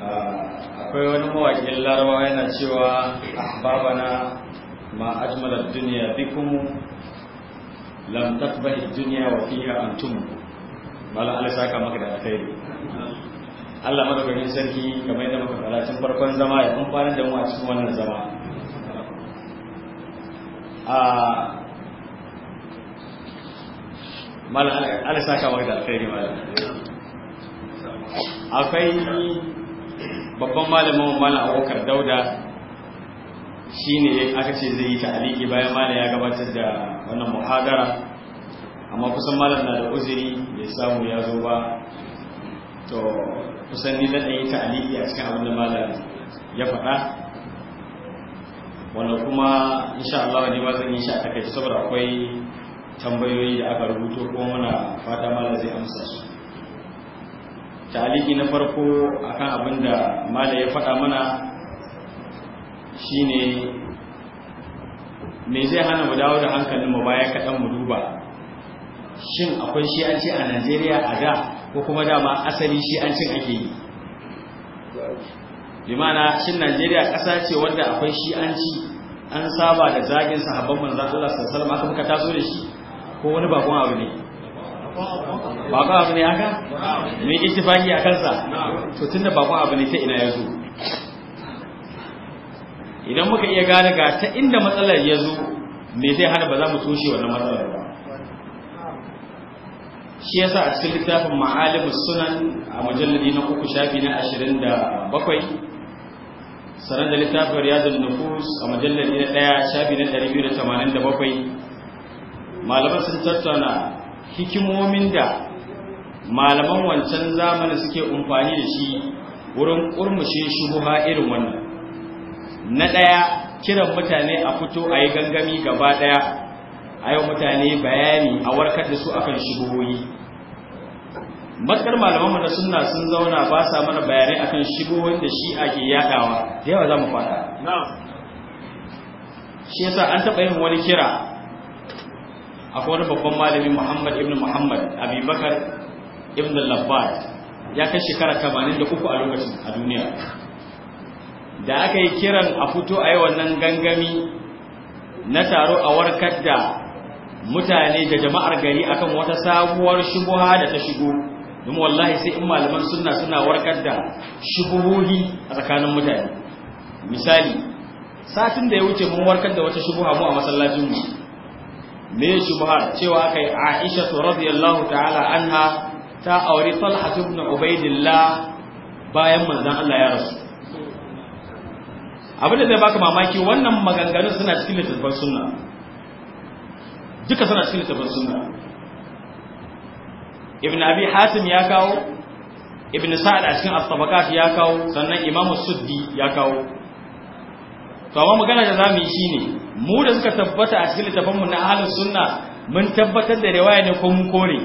ah, akwai wani mawakin larawa yana cewa ahbabana ma ajmalar duniya bikin lam bai duniya wa fiha antum mala Allah ka maka da alkhairi Allah madaukakin sarki kamar yadda maka fara farkon zama ya amfana da mu a cikin wannan zama ah, alkhairi malam akwai babban malamin a abokar dauda shine aka ce zai yi ta'aliki bayan malam ya gabatar da wannan muhadara amma kusan malam na da uziri bai samu ya zo ba to kusan ni zai yi ta'aliki a cikin abin da malam ya faɗa wanda kuma insha Allah ne ba zan yi shi a saboda akwai tambayoyi da aka rubuto ko muna fata malam zai amsa su taliki na farko akan abin da malam ya faɗa mana shine me zai hana mu dawo da hankalin mu baya kaɗan mu duba shin akwai shi an ce a najeriya a da ko kuma dama asali shi an cin ake yi limana shin najeriya ƙasa ce wanda akwai shi an ci an saba da zagin sahabban manzan Allah sallallahu alaihi wasallam aka muka taso da shi ko wani bakon abu ne bakon abu ne haka mai ittifaki a kansa to tunda bakon abu ne ta ina ya zo idan muka iya gane ga ta inda matsalar ya zo me zai hana ba za mu toshe wannan matsalar ba shi yasa a cikin littafin ma'alimu sunan a mujalladi na uku shafi na ashirin da bakwai sanar da littafin riyadun nufus a mujalladi na ɗaya shafi na ɗari biyu da tamanin da bakwai malaman sun tattauna hikimomin da malaman wancan zamani suke umfani da shi wurin kurmushe shubuha irin wannan na ɗaya kiran mutane a fito a yi gangami gaba ɗaya a yi mutane bayani a warkar da su akan shubuhoyi matsar malamanmu na sunna sun zauna ba sa mana bayanai akan shubuhoyin da shi ake yadawa da yawa za mu fada shi yasa an taɓa yin wani kira akwai wani babban malami Muhammad ibn Muhammad Abubakar ibn Labbad ya kai shekara 83 a lokacin a duniya da aka yi kiran a fito a yi wannan gangami na taro a warkar da mutane da jama'ar gari akan wata sabuwar shubuha da ta shigo domin wallahi sai in malaman sunna suna warkar da shubuhi a tsakanin mutane misali satin da ya wuce mun warkar da wata shubuha mu a masallacin me shubha cewa kai Aisha radiyallahu ta'ala anha ta auri Talha ibn Ubaydillah bayan manzon Allah ya rasu abin da zai baka mamaki wannan maganganun suna cikin littafin sunna duka suna cikin littafin sunna ibn abi hatim ya kawo ibn sa'ad a cikin at-tabaqat ya kawo sannan imam suddi ya kawo to amma magana da zamu yi shine mu da suka tabbata a cikin littafin mu na ahlus sunna mun tabbatar da riwaya ne ko mun kore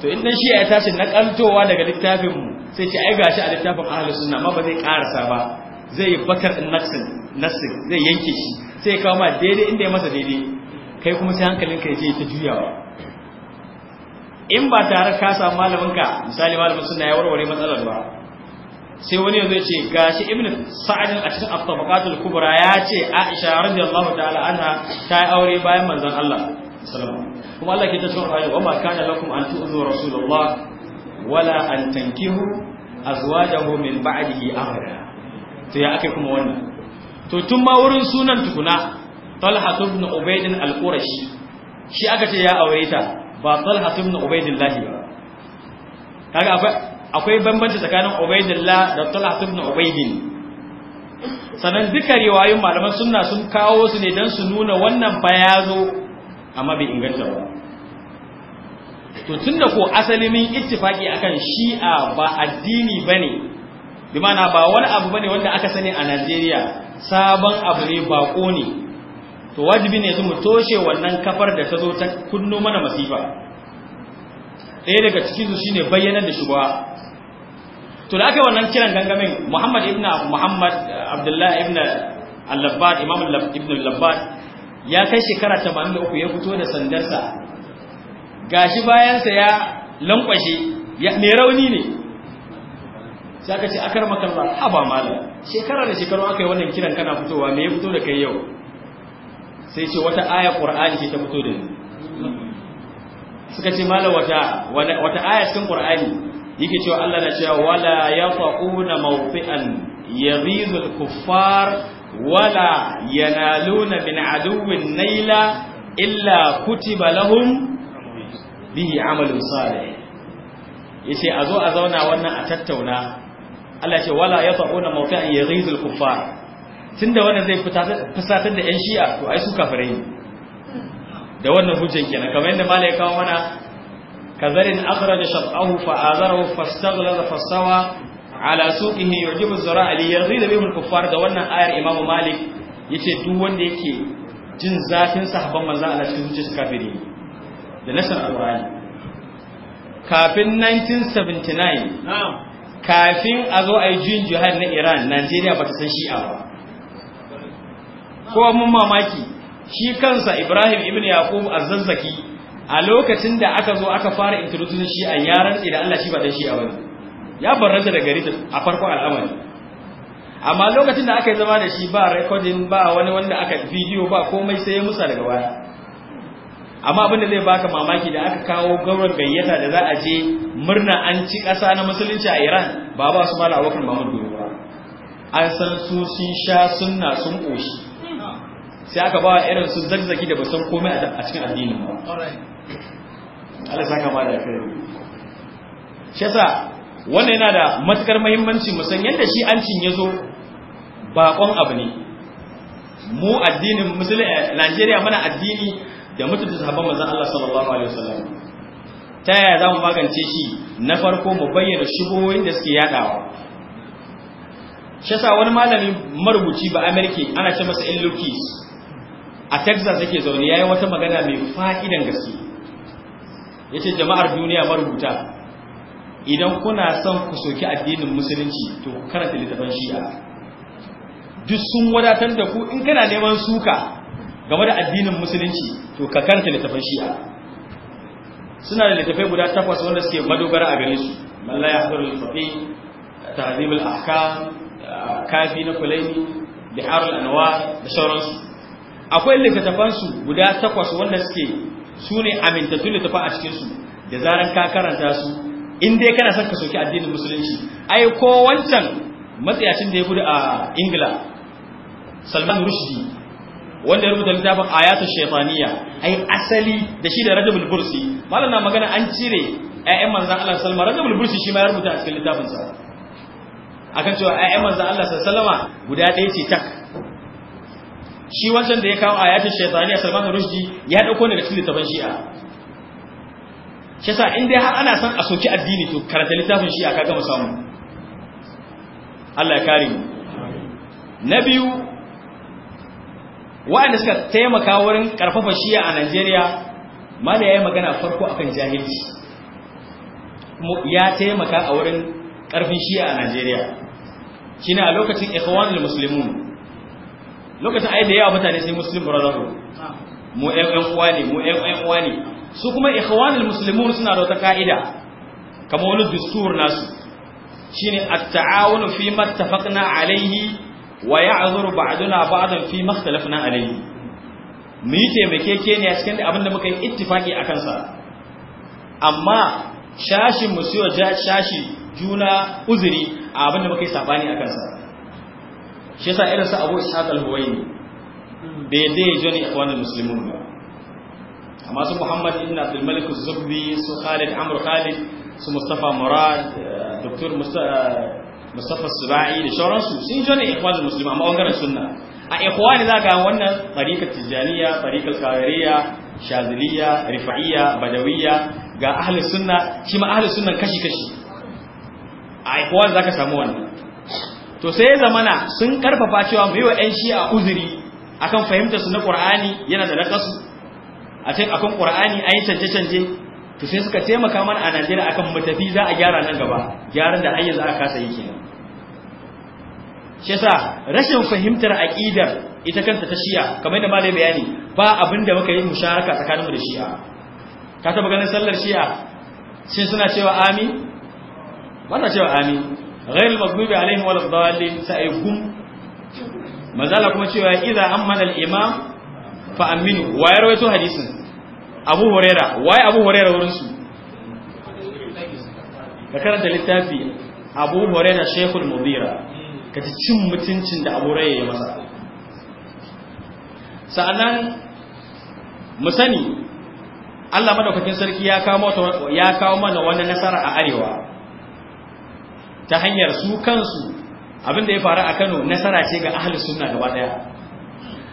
to in dan shi'a ya tashi na kantowa daga littafin mu sai ce ai gashi a littafin ahlus sunna amma ba zai karasa ba zai yi bakar nafsin zai yanke shi sai kawo ma daidai inda ya masa daidai kai kuma sai hankalin ka je ta juyawa in ba tare ka samu malamin ka misali malamin sunna ya warware matsalar ba sai wani yanzu ya ce gashi ibn sa'adin a cikin at-tabaqatul kubra ya ce Aisha radiyallahu ta'ala anha ta yi aure bayan manzon Allah sallallahu kuma Allah ke ta cewa ayo wa ma kana lakum an tu'zu rasulullah wala an tankihu azwajahu min ba'dihi abada to ya ake kuma wannan to tun ma wurin sunan tukuna Talha ibn Ubayd al-Qurashi shi aka ce ya aure ta ba Talha ibn Ubaydillah ba kaga akwai bambanci tsakanin ubaidillah da talhat ibn ubaidin sannan duka riwayoyin malaman sunna sun kawo su ne don su nuna wannan fa ya zo amma bai inganta ba to tunda ko asali min ittifaki akan shi'a ba addini bane bi mana ba wani abu bane wanda aka sani a Najeriya sabon abu ne bako ne to wajibi ne mu toshe wannan kafar da ta zo ta kunno mana masifa ɗaya daga cikin su shine bayyanar da shubha to da aka yi wannan kiran gangamin Muhammad ibn Muhammad eh, Abdullah ibn Al-Labbad Imam ibn Al-Labbad ya kai shekara 83 ya fito da sandarsa gashi bayansa ya lankwashe mai rauni ne sai aka ce akar makalla haba malam shekara da shekaru aka yi wannan kiran kana fitowa me ya fito da kai yau sai ce wata aya qur'ani ce ta fito da ni suka ce mala wata wata aya cikin qur'ani yake cewa Allah na cewa wala yaquna mawfi'an yaghizu al-kuffar wala yanaluna min aduwwin naila illa kutiba lahum bihi amalun salih yace a zo a zauna wannan a tattauna Allah ce wala yaquna mawfi'an yaghizu al-kuffar tunda wannan zai fusatar da yan shi'a to ai su kafirai ne da wannan hujjan kenan kamar yadda malai ya kawo mana kazarin akhraja shab'ahu fa azarahu fastaghlaza fastawa ala suqihi yujibu zara'a li yaghida bihim al-kuffar da wannan ayar imamu malik yace duk wanda yake jin zafin sahabban manzon Allah cikin zuciyarsa kafiri da nasar alqur'ani kafin 1979 kafin a zo a yi juyin jihar na iran najeriya ba ta san shi'a ba ko mun mamaki shi kansa Ibrahim ibn Yaqub az-Zazzaki a lokacin da aka zo aka fara introducing shi a yaran da Allah shi ba dan shi a wani ya barrata da gari a farko al'amari amma lokacin da aka yi zama da shi ba recording ba wani wanda aka video ba komai sai ya musa daga waya amma abin da zai baka mamaki da aka kawo gauran gayyata da za a je murna an ci ƙasa na musulunci a Iran ba ba su mala abokan Muhammad ba an san su sun sha sunna sun koshi sai aka ba irin su zarzaki da basan komai a cikin addini ba Allah saka ma da kai shi yasa wannan yana da matukar muhimmanci mu san yadda shi an cinye zo bakon abu ne mu addinin musulmi eh, Najeriya muna addini da mutunta sahabban manzon Allah sallallahu alaihi wasallam ta yaya zamu magance shi na farko mu bayyana shigoyin da suke yadawa shi yasa wani malami marubuci ba Amerika ana ce masa Illukis a texas yake zaune ya yi wata magana mai fa'idan gaske ya ce jama'ar duniya marubuta idan kuna son ku soki addinin musulunci to ku karanta littafin shi'a duk sun wadatar da ku in kana neman suka game da addinin musulunci to ka karanta littafin shi'a suna da littafai guda takwas wanda suke madogara a gare su malla ya haɗar littafi kafi na kulaini da sauransu akwai littattafansu guda takwas wanda suke su ne amintattun littattafan a cikinsu da zaran ka karanta su in dai kana son ka soki addinin musulunci ai ko wancan matsayacin da ya gudu a ingila salman rushdi wanda ya rubuta littafin ayatul shaytaniya ai asali da shi da rajabul bursi malam na magana an cire ƴaƴan manzan Allah salma rajabul bursi shi ma ya rubuta a cikin sa akan cewa ƴaƴan manzan Allah wasallam guda ɗaya ce tak shi wancan da ya kawo yakin shaitani a Salman rushdi ya dauko ne daga cikin littafin Shi'a shi in dai har ana son a soki addini to karanta littafin Shi'a ka gama samu Allah ya kare mu na biyu wa'anda suka taimaka wurin karfafa Shi'a a Najeriya mala yayi magana farko akan jahilci ya taimaka a wurin karfin Shi'a a Najeriya shine a lokacin Ikhwanul Muslimun lokacin ai da yawa mutane sai muslim brotherhood mu ƴan uwa ne mu ƴan ƴan uwa su kuma ikhwanul muslimun suna da wata ka'ida kamar wani dustur nasu shine at-ta'awun fi ma ittafaqna alayhi wa ya'zuru ba'duna ba'dan fi ma ikhtalafna alayhi mu yi a cikin abin da muka yi ittifaki a kansa amma shashin mu siyo shashi juna uzuri a abin da muka yi sabani a kansa shi yasa irin sa Abu Ishaq al-Huwaini bai dai jani ikwanul muslimun ba amma su Muhammad ibn Abdul Malik az-Zuhri su Khalid Amr Khalid su Mustafa Murad eh, Dr. Eh, Mustafa Subai da sauransu sun jani ikwanul muslimun amma bangaren sunna a ikhwani zaka wannan tariqat tijaniya tariqat qadiriyya shaziliya rifa'iyya badawiyya ga ahli sunna shi ma ahli sunna kashi kashi a ikhwani zaka samu wannan to sai ya zamana sun karfafa cewa mu yi wa yan shi'a uzuri akan fahimtarsu na Qur'ani yana da nakasu a cikin akan Qur'ani yi canje canje to sai suka taimaka mana a Najeriya akan matafi tafi za a gyara nan gaba gyaran da har za a kasa yi kenan Shesa rashin fahimtar aqidar ita kanta ta Shi'a kamar da malai bayani ba abin da muka yi musharaka tsakaninmu da Shi'a ka taba ganin sallar Shi'a shin suna cewa amin ba cewa amin ghairul maghdubi alaihim wal dhalin sai gum mazala kuma cewa idza ammana al imam fa aminu wa yarwayo hadisin abu huraira wai abu huraira wurin su ka karanta littafi abu huraira shaykhul mudira ka ci cin mutuncin da abu huraira ya masa sa'annan mu sani Allah madaukakin sarki ya kawo mana wannan nasara a arewa ta hanyar su kansu abinda ya faru a Kano nasara ce ga ahli sunna gaba daya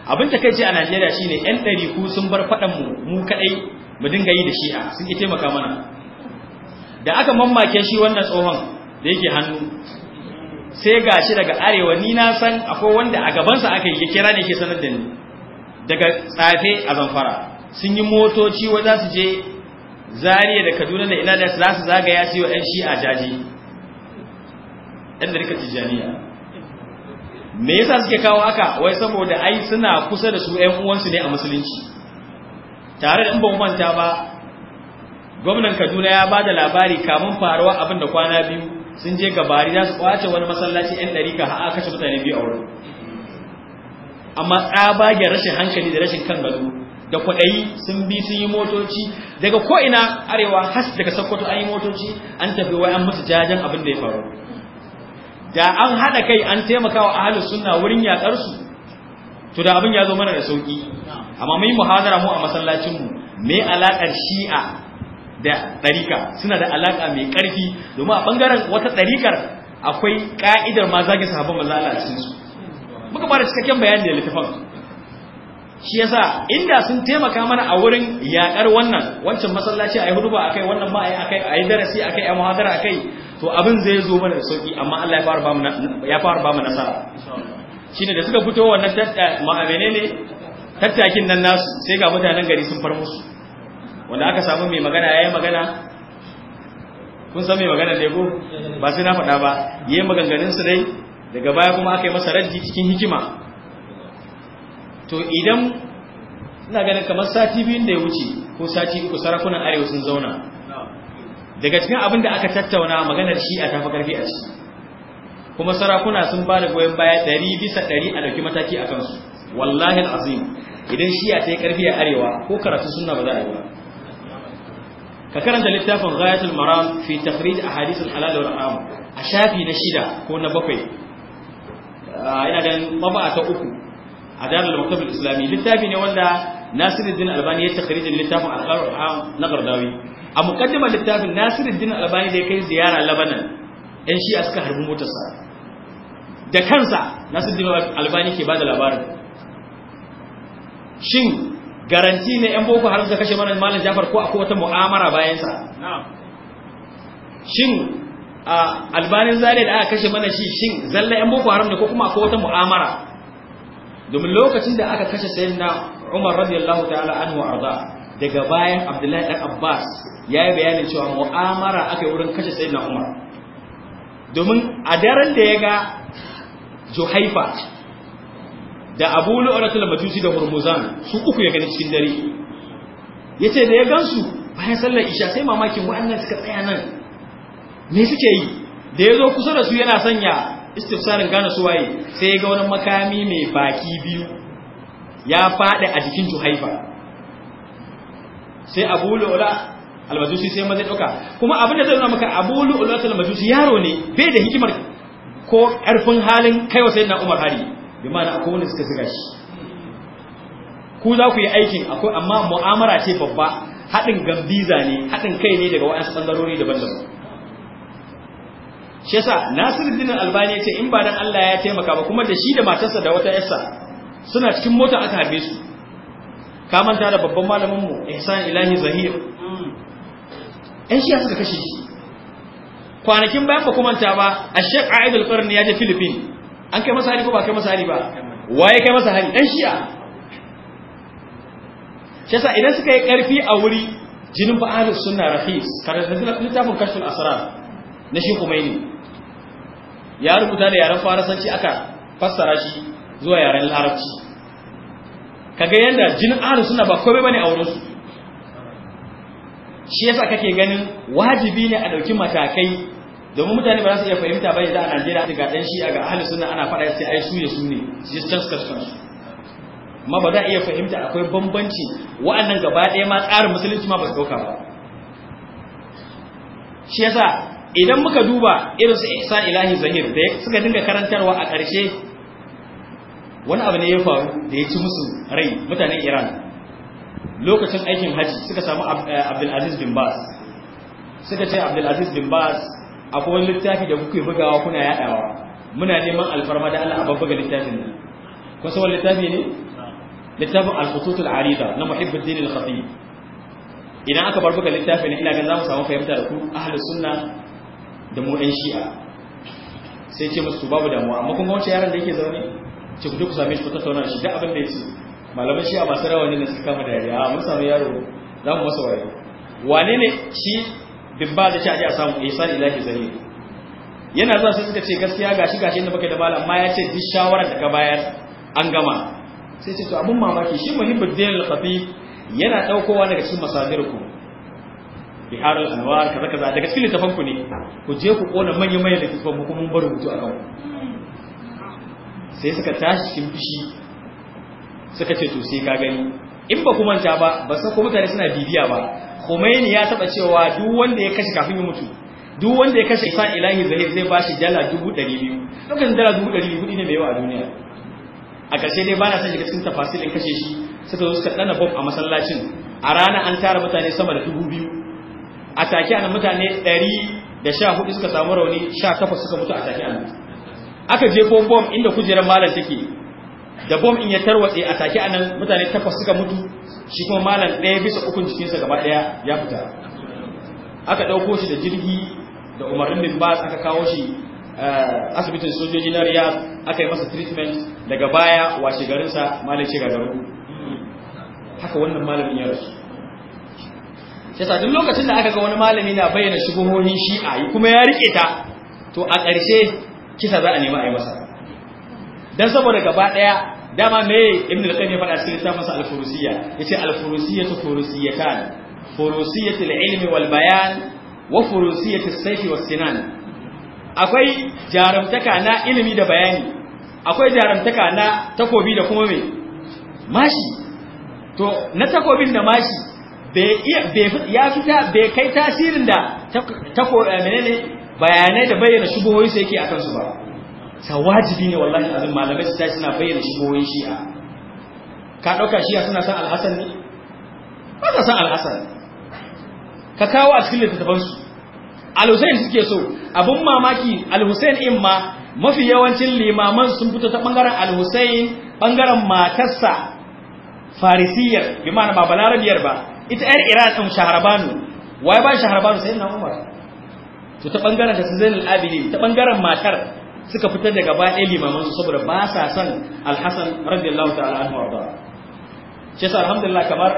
abin ta kai ce a Najeriya shine yan ɗari ku sun bar faɗan mu mu kadai mu dinga yi da shi'a sun ki taimaka mana da aka mammake shi wannan tsohon da yake hannu sai gashi daga arewa ni na san akwai wanda a gabansa aka yi kira ne ke sanar da ni daga tsafe a zamfara sun yi motoci wajen su je zariya da kaduna da ina da za su zagaya su yi wa 'yan shi'a jaji yan rika tijaniya me yasa suke kawo haka wai saboda ai suna kusa da su yan uwansu ne a musulunci tare da in ban manta ba gwamnan kaduna ya ba da labari kamun faruwa abin da kwana biyu sun je gabari za su kwace wani masallaci yan ɗarika har aka kashe mutane biyu a wurin amma tsabagen rashin hankali da rashin kan gado da kwaɗayi sun bi sun yi motoci daga ko ina arewa has daga sakkwato an yi motoci an tafi wai an mutu jajen abin da ya faru da an haɗa kai an taimakawa ahlus sunna wurin yakarsu to da abin ya zo mana da sauki amma mai muhadara mu a masallacin mu me alakar shi'a da ɗarika suna da alaka mai karfi domin a bangaren wata ɗarikar akwai ka'idar ma zagin sahabban manzo Allah cikin su muka fara cikakken bayani da littafin shi yasa inda sun taimaka mana a wurin yaƙar wannan wancan masallaci ayi huduba akai wannan ma ayi akai ayi darasi akai ayi muhadara akai to abin zai zo mana da sauki amma Allah ya fara ba mu ya fara ba mu nasara shine da suka fito wannan tatta ma'amene ne tattakin nan nasu sai ga mutanen gari sun far musu wanda aka samu mai magana yayi magana kun san mai magana dai ko ba sai na faɗa ba yayi maganganun su dai daga baya kuma aka yi masa raddi cikin hikima to idan ina ganin kamar sati biyun da ya wuce ko sati uku sarakunan arewa sun zauna daga cikin abin da aka tattauna maganar shi'a ta fi karfi a ciki kuma sarakuna sun ba da goyon baya ɗari bisa ɗari a ɗauki mataki a kansu wallahi azim idan shi'a ta yi karfi a arewa ko karatu sunna ba za a yi ba ka karanta littafin ghayatul maram fi takhrij ahadith halal wal haram a shafi na shida ko na bakwai ah, ina da maba'a ta uku a darul maktab al-islami littafi ne wanda Nasiruddin Albani ya takhrij littafin al-halal wal haram na Qardawi a mukaddimar littafin Nasiruddin Albani da ya kai ziyara Lebanon ɗan shi suka harbi motarsa da kansa Nasiruddin Albani ke bada labarin shin garanti ne ƴan boko haram da kashe mana malam Jafar ko akwai wata mu'amara bayan sa shin a albanin zare da aka kashe mana shi shin zalla ƴan boko haram ne ko kuma akwai wata mu'amara domin lokacin da aka kashe sayyidina Umar radiyallahu ta'ala anhu arda daga bayan abdullahi dan abbas ya yi bayanin cewa mu'amara aka yi wurin kashe na umar domin a daren da ya ga juhaifa da abu lu'aratul majusi da hurmuzan su uku ya gani cikin dare ya ce da ya gansu bayan sallar isha sai mamakin wa'annan suka tsaya nan me suke yi da ya zo kusa da su yana sanya istifsarin gane su sai ya ga wani makami mai baki biyu ya faɗi a jikin juhaifa sai abu lu'ula almajusi sai ma ɗauka dauka kuma abin da zai nuna maka abu lu'ula almajusi yaro ne bai da hikimar ko ƙarfin halin kaiwa na umar hari bi ma'ana akwai wani suka zuga shi ku za ku yi aikin akwai amma mu'amara ce babba haɗin gambiza ne haɗin kai ne daga wa'ansu ɓangarori daban-daban shi yasa nasiruddin albani ya ce in ba dan Allah ya taimaka ba kuma da shi da matarsa da wata yarsa suna cikin mota aka harbe su ka manta da babban malaminmu mu ihsan ilahi zahir ɗan hmm. shi ya suka kashe shi kwanakin bayan ba kuma manta ba a shek aid al ya je Filipin. an kai masa hari ko ba kai masa hari ba waye kai masa hari ɗan shi'a shi yasa idan suka yi karfi a wuri jinin ba ahlus sunna rafis littafin kashful asrar na shi kuma yi ya rubuta da yaren farasanci aka fassara shi zuwa yaren larabci kaga yadda jinin ahlus suna ba komai bane a wurin su shi yasa kake ganin wajibi ne a dauki matakai domin mutane ba za su iya fahimta bai da a Najeriya daga dan shi ga ahlus sunna ana fada sai ai su ne su ne sisters kansu amma ba za a iya fahimta akwai bambanci wa'annan gaba ɗaya ma tsarin musulunci ma ba su ɗauka ba shi yasa idan muka duba irin su ihsan ilahi zahir da suka dinga karantarwa a ƙarshe wani abu ne ya faru da ya ci musu rai mutanen iran lokacin aikin hajji suka samu eh, abdulaziz bin bas suka ce abdulaziz bin bas akwai wani littafi da kuke bugawa kuna yaɗawa muna neman alfarma da allah a babbaga littafin nan kusa wani littafi ne littafin alfututul arida na muhibbin dinin khafi idan aka bar buga littafi ne ina ganin za mu samu fahimta da ku ahli sunna da mu'in shi'a sai ce musu babu damuwa amma kuma ga wancan yaron da yake zaune ce ku ku same shi ku tattauna shi duk abin da ya ce malaman shi a masu rawa ne su kama dariya a mun samu yaro za mu masa wayo wane ne shi bin da shi a samu ihsan eh, ilahi zari yana zuwa sai suka ce gaskiya gashi gashi inda baka da bala amma ya ce duk shawarar da ka bayar an gama sai ce to abun mamaki shi muhibbuddin al-khatib yana daukowa daga cikin masadirku bihar al-anwar kaza kaza daga cikin littafan ne ku je ku kona manyan manyan littafan mu kuma mun bar rubutu a kanku sai suka tashi cikin fushi suka ce to sai ka gani in ba kuma manta ba ba sai mutane suna bibiya ba Khomeini ya taba cewa duk wanda ya kashe kafin ya mutu duk wanda ya kashe sai ilahi zai zai bashi dala 200 lokacin dala 200 kudi ne mai yawa a duniya a ƙarshe dai bana son shiga cikin tafasirin kashe shi suka zo suka dana bomb a masallacin a rana an tara mutane sama da 2000 a take ana mutane 114 suka samu rauni 18 suka mutu a take ana aka ko bom inda kujerar malam take da bom in ya tarwatse a take a nan mutane takwas suka mutu shi kuma malam ɗaya bisa ukun jikinsa gaba ɗaya ya fita aka ɗauko shi da jirgi da umarnin bin bas aka kawo shi eh, asibitin sojoji na riyadh aka yi masa treatment daga baya washe garinsa malam ce gagaru haka wannan malamin ya rasu shi duk lokacin da aka ga wani malami na bayyana shubuhohin shi'a kuma ya rike ta to a ƙarshe kisa za a nema a yi masa don saboda gaba daya dama me ibn al-qayyim fada cikin littafin sa al-furusiyya yace al ta tu furusiyatan furusiyyatul ilmi wal bayan wa furusiyyatus sayfi was sinan akwai jaramtaka na ilimi da bayani akwai jaramtaka na takobi da kuma me mashi to na takobin da mashi bai ya fita bai kai tasirin da tako eh, menene bayanai da bayyana shubuhoyi sai yake akan su ba sa wajibi ne wallahi azin malamai su tashi suna bayyana shubuhoyin shi'a ka dauka shi'a suna san alhasan ne ba sa san alhasan ka kawo a cikin littattafan su al suke so abun mamaki al-Hussein in ma mafi yawancin limaman sun fito ta bangaren al-Hussein bangaren matarsa farisiyar bi ma'ana ba balarabiyar ba ita yar Iran din shaharabanu wai ba shaharabanu sai na Umar to ta bangaren da su zainal abidin ta bangaren matar suka fitar da gaba ɗaya limaman saboda ba sa son Alhassan hasan radiyallahu ta'ala anhu warda shi yasa alhamdulillah kamar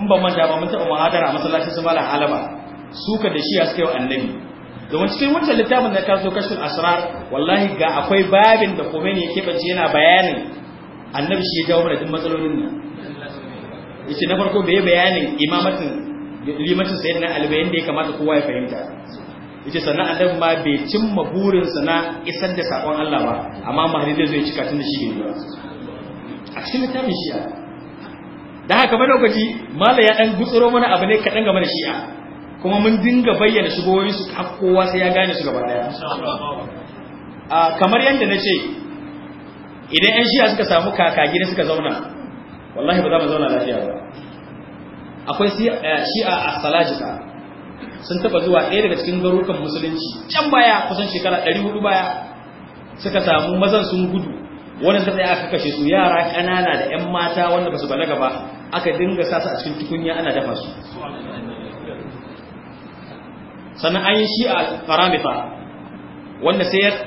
in ban manta ba mun taɓa muhadara a masallacin su mala Alama suka da shi ya suka yi annabi domin cikin wancan littafin da kaso kashin asrar wallahi ga akwai babin da Khomeini ya keɓance yana bayanin annabi shi ya jawo mana duk matsalolin nan yace na farko bai bayanin imamatin limatin sayyidina Ali da ya kamata kowa ya fahimta yace sannan annabi ma bai cimma burinsa na isar da sakon Allah ba amma mahdi zai zo ya cika tun da shi ne a cikin littafin shi'a da haka ba lokaci mala ya dan gutsuro mana abu ne kaɗan game da shi'a kuma mun dinga bayyana shigowoyin su ka kowa sai ya gane su gaba daya kamar yadda na ce idan yan shi'a suka samu kaka gida suka zauna wallahi ba za mu zauna lafiya ba akwai eh, shi'a a salajika sun taɓa zuwa ɗaya daga cikin garurukan musulunci can baya kusan shekara 400 baya suka samu mazan sun gudu wani sai aka kashe su yara kanana da ƴan mata wanda basu balaga ba aka dinga sa su a cikin tukunya ana dafa su sannan an yi shi a faramita wanda sai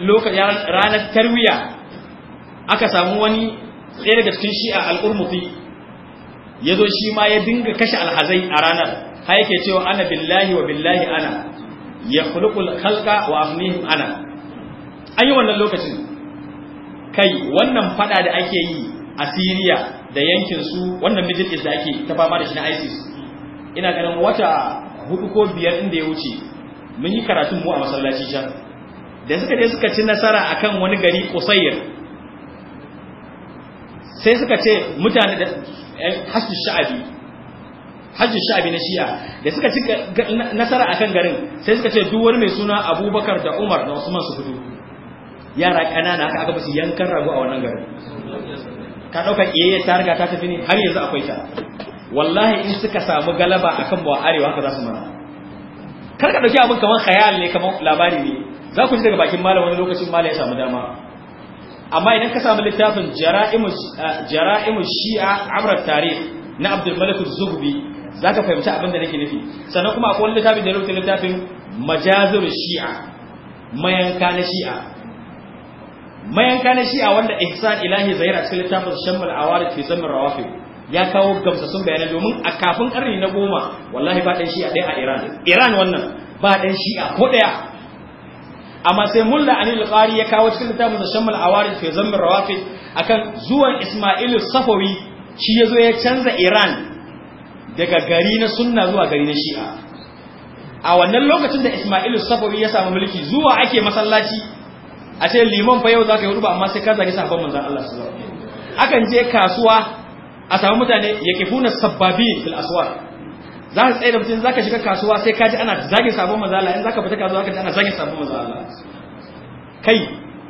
ranar tarwiya aka samu wani tsaye daga cikin shi a al'urmufi ya zo shi ma ya dinga kashe alhazai a ranar har cewa ana billahi wa billahi ana ya khuluqul khalqa wa afnihim ana an yi wannan lokacin kai wannan fada da ake yi a Syria da yankin su wannan Middle East da ake ta fama da shi na ISIS ina ganin wata hudu ko biyar inda ya wuce mun yi karatun mu a masallaci can da suka je suka ci nasara akan wani gari Qusayr sai suka ce mutane da eh, hasu sha'abi hajji sha'abi na shi'a da suka ci nasara a kan garin sai suka ce duk wani mai suna abubakar da umar da usman su fito yara ƙanana aka aka basu yankan rago a wannan garin ka ɗauka ƙiyayya ta riga ta tafi ne har yanzu akwai ta wallahi in suka samu galaba kan bawa arewa haka za su mara. kar ka ɗauki abin kamar khayal ne kamar labari ne za ku ji daga bakin malam wani lokacin malam ya samu dama amma idan ka samu littafin jara'imu eh, shi'a amrat tarih na abdul malik za ka fahimci abin da nake nufi sannan kuma akwai littafin da rubuta littafin majazir shi'a mayanka na shi'a mayanka na shi'a wanda ihsan ilahi zahir a cikin littafin shammul awari fi samir rawafi ya kawo gamsassun bayanai domin a kafin karni na goma wallahi ba ɗan shi'a ɗaya a iran iran wannan ba ɗan shi'a ko ɗaya amma sai mulla anil qari ya kawo cikin littafin sa shamal awarid fi zammir rawafi akan zuwan isma'ilu safawi shi yazo ya canza iran daga gari na sunna zuwa gari na shi'a a wannan lokacin da Ismailu Safawi ya samu mulki zuwa ake masallaci a ce liman fa yau zaka yi hudu amma sai ka zage sahabban manzon Allah sallallahu alaihi wasallam akan je kasuwa a samu mutane yakifuna sababi fil aswaq za ka tsaye da mutum za ka shiga kasuwa sai ka ji ana zagin sabon mazala in za ka fita kasuwa ka ji ana zagin sabon mazala kai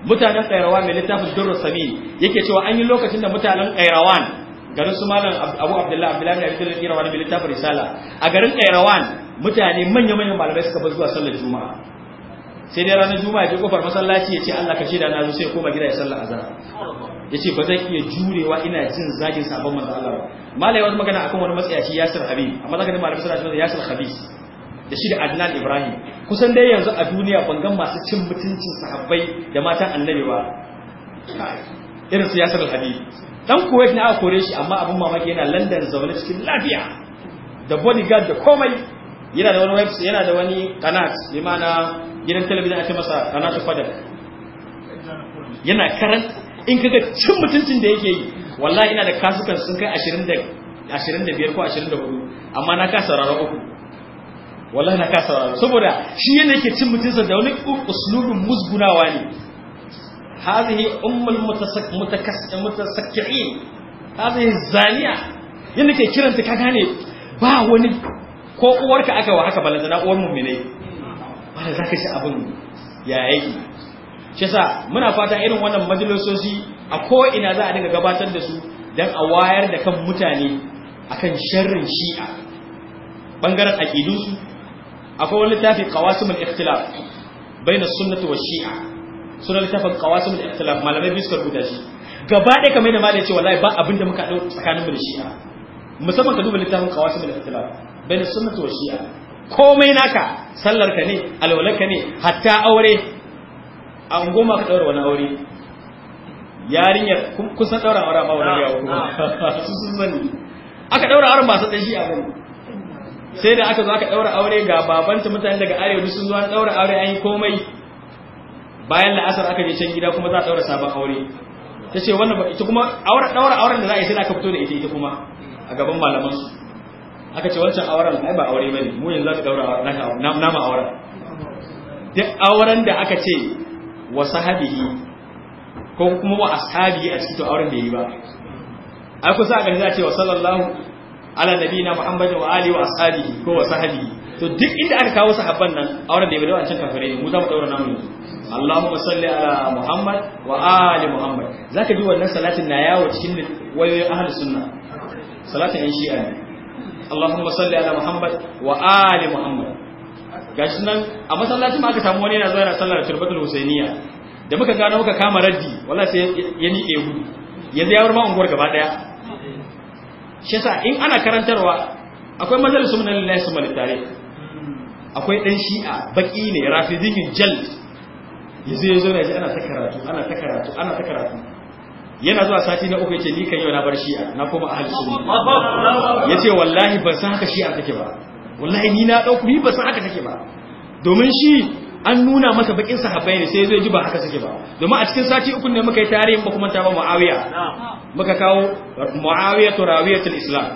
mutanen kairawa mai littafin durrus sami yake cewa an yi lokacin da mutanen kairawan garin su malam abu abdullahi abdullahi abin da kira wani littafin risala a garin kairawan mutane manya manyan malamai suka bar zuwa sallar juma'a sai dai ranar juma'a je kofar masallaci ya ce Allah ka shaida na zo sai koma gida ya sallar azhar ya ce ba zai iya jurewa ina jin zagin sabon manzo Allah ba malai wani magana akan wani matsayaci Yasir Habib amma zaka ne malamai suna cewa Yasir Habib da shi da Adnan Ibrahim kusan dai yanzu a duniya ban ga masu cin mutuncin sahabbai da matan annabi ba irin su Yasir Habib dan kuwait na aka kore shi amma abin mamaki yana london zaune cikin lafiya da bodyguard da komai yana da wani website yana da wani kanat limana ma'ana gidan talabijin ake masa kanat fadar yana karan in kaga cin mutuncin da yake yi wallahi ina da kasukan sun kai 20 da 25 ko 24 amma na kasa rara uku wallahi na kasa rara saboda shi yana yake cin mutuncin da wani uslubin musgunawa ne هذه أم المتسكعين هذه الزانية yadda ke kiranta ka gane ba wani ko uwarka aka wa haka balantana uwar mummine ba da za ka ci abin ya yake shi muna fata irin wannan majalisoci a ko'ina za a dinga gabatar da su don a wayar da kan mutane akan sharrin shi'a ɓangaren aƙidunsu akwai wani littafi kawasimul ikhtilaf bayna sunnati wa shi'a sunan littafin kawasu da ikhtilaf malamai biyu suka rubuta shi gaba ɗaya kamar yadda malai ce wallahi ba abin da muka ɗauka tsakanin mu da shi'a musamman ka duba littafin kawasu da ikhtilaf bayan sunnah wa shi'a komai naka sallar ka ne alwalar ka ne hatta aure a ungoma ka daura wani aure yarinyar kun san daura aure ba wani yawo su sun sani aka daura auren ba san shi'a shi a sai da aka zo aka daura aure ga babanta mutane daga arewa sun zo an daura aure an yi komai bayan la'asar aka je can gida kuma za a daura sabon aure ta ce wannan ba ita kuma aure daura auren da za a yi sai aka fito da ita ita kuma a gaban malaman su aka ce wancan auren ai ba aure bane mu yanzu za ka daura naka nama auren duk auren da aka ce wa sahabihi ko kuma wa ashabi a cikin auren da yi ba ai ku a ga za a ce wa sallallahu ala nabiyina muhammadin wa alihi wa ashabihi ko wa sahabihi to duk inda aka kawo sahabban nan auren da ya ba wancan ne mu za mu daura namu yanzu Allahumma salli ala Muhammad wa ali Muhammad zaka ji wannan salatin na yawo cikin wayoyin ahlus sunna salatin in shi'a ne Allahumma salli ala Muhammad wa ali Muhammad gashi nan a masallacin ma aka samu wani yana zuwa yana sallar turbatul husainiya da muka gano muka kama raddi wallahi sai ya niƙe gudu yanzu ya warma unguwar gaba daya shi yasa in ana karantarwa akwai majalisun nan lillahi sumal tare akwai dan shi'a baki ne rafidihin jald yanzu ya zauna ji ana ta karatu ana ta karatu ana ta karatu yana zuwa sati na uku yace ni kan yau na bar shi'a na koma ahli sunna yace wallahi ban san haka shi'a take ba wallahi ni na dauku ni ban san haka take ba domin shi an nuna masa bakin sahabbai ne sai zai ji ba haka take ba domin a cikin sati uku ne muka yi tarihin ba kuma ta ba muawiya muka kawo muawiya to rawiyatul islam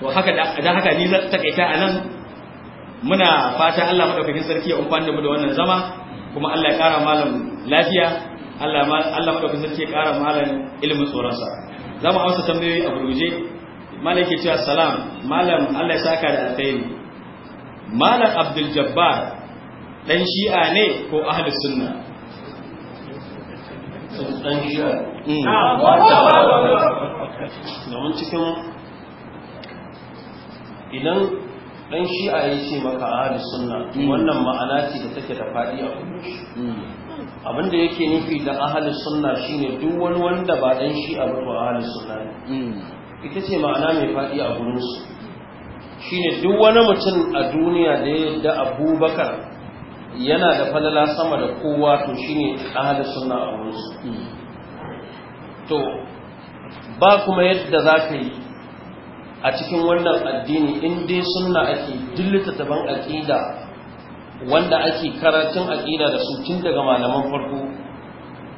to haka da haka ni zan takaita anan muna fata Allah madaukakin sarki ya umfana mu da wannan zama kuma Allah ya kara malam lafiya Allah Allah madaukakin sarki ya kara malam ilimin tsoron sa za mu amsa tambayoyi a burguje malam yake cewa salam malam Allah ya saka da alkhairi malam Abdul Jabbar dan shi'a ne ko ahlus sunna dan shi'a mm. cikin idan dan a yi ce maka a hali suna. Hmm. wannan ma'ana ce da take da faɗi a hmm. abin da yake nufi da a suna shi shine duk wani wanda ba dan shi'a a hali suna ne hmm. ita ce ma'ana mai faɗi a gurin su shine duk wani mutum a duniya da ya da abubakar yana da falala sama da kowa to shine hali suna a gurin su to ba kuma yadda za ka yi a cikin wannan addini in dai sunna ake dillita taban aqida wanda ake karatun aqida da su tun daga malaman farko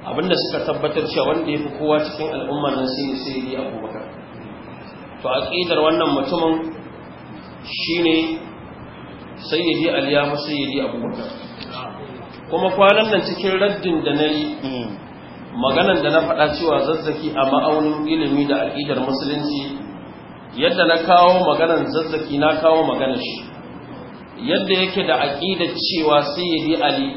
abinda suka tabbatar cewa wanda yafi kowa cikin al'ummar nan sai sai yi abubakar to aqidar wannan mutumin shine sayyidi ali ya fi sayyidi abubakar kuma kwanan nan cikin raddin da na yi hmm. maganan da na faɗa cewa zazzaki a ma'aunin ilimi da aƙidar musulunci yadda na kawo maganan zazzaki na kawo maganar shi yadda yake da aƙida cewa sayyidi ali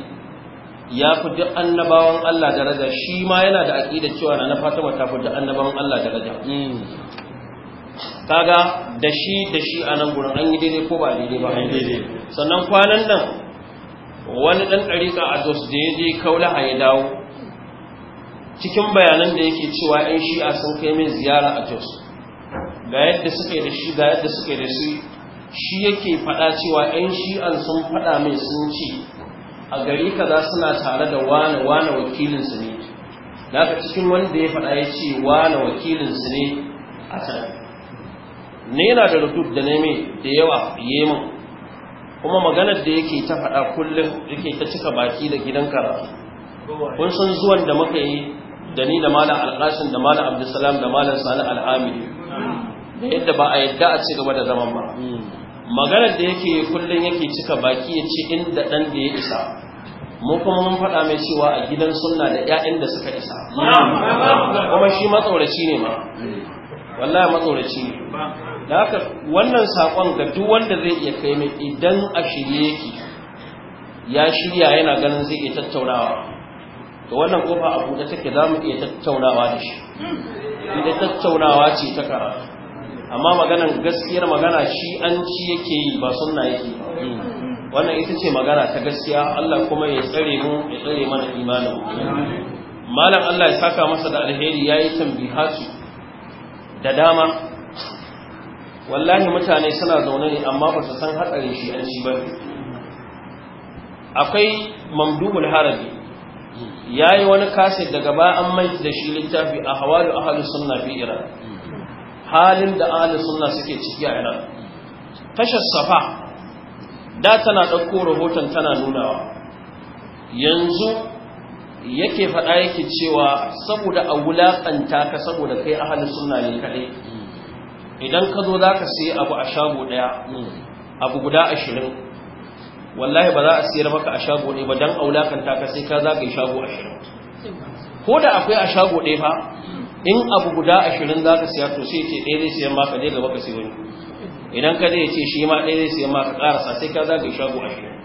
ya fi duk annabawan Allah daraja shi ma yana da aƙida cewa na fatima ta fi duk annabawan Allah daraja hmm. kaga da shi da shi a nan gurin an yi daidai ko ba daidai ba an daidai sannan kwanan nan wani ɗan ɗariƙa a jos da ya je a ya dawo cikin bayanan da yake cewa 'yan shi'a sun kai min ziyara a jos ga yadda suke da shi ga yadda suke da shi shi yake faɗa cewa 'yan shi'an sun faɗa mai sun ce a gari kaza suna tare da wane wane wakilinsu ne daga cikin wanda ya faɗa ya ce wane wakilinsu ne a can ne yana da rutub da neme da yawa yemin kuma maganar da yake ta faɗa kullum yake ta cika baki da gidan karatu kun san zuwan da muka yi da ni da malam alƙasin da malam abdulsalam da malam sani al'amiri da yadda ba a yadda a ci gaba da zaman ba hmm. maganar da yake kullum yake cika baki ya ce inda dan da ya isa mu kuma mun faɗa mai cewa a gidan sunna da ƴaƴan da suka isa kuma shi matsoraci ne ma wallahi matsoraci ne da haka wannan saƙon ga duk wanda zai iya kai mai idan a shirye yake ya shirya yana ganin zai iya tattaunawa to wannan kofa a buɗe take za mu iya tattaunawa da shi hmm. idan tattaunawa ce ta karatu amma maganan gaskiyar magana shi an ci yake yi ba sunna yake wannan ita ce magana ta gaskiya Allah kuma ya tsare mu ya tsare mana imanin malam Allah ya saka masa da alheri yayi tambihatu da dama wallahi mutane suna zaune ne amma ba su san hatsarin shi an shi ba akwai mamdubul harabi yayi wani kaset daga ba an mai da shi littafi a hawalu ahlus sunna fi iran halin da ahli sunna suke ciki a Iran tashar safa da tana ɗauko rahoton tana nunawa yanzu yake faɗa yake cewa saboda a wulaƙanta ka saboda kai ahli sunna ne kaɗai idan ka zo za ka siye abu a shago ɗaya abu guda ashirin wallahi ba za a siyar maka a shago ne ba don a wulaƙanta ka sai ka yi shago ashirin ko da akwai a shago ɗaya fa in abu guda ashirin za ka siya to sai ce ɗaya zai siyan maka ɗaya gaba ka siya wani idan ka zai ce shi ma ɗaya zai siyan maka ƙarasa sai ka zaga shago ashirin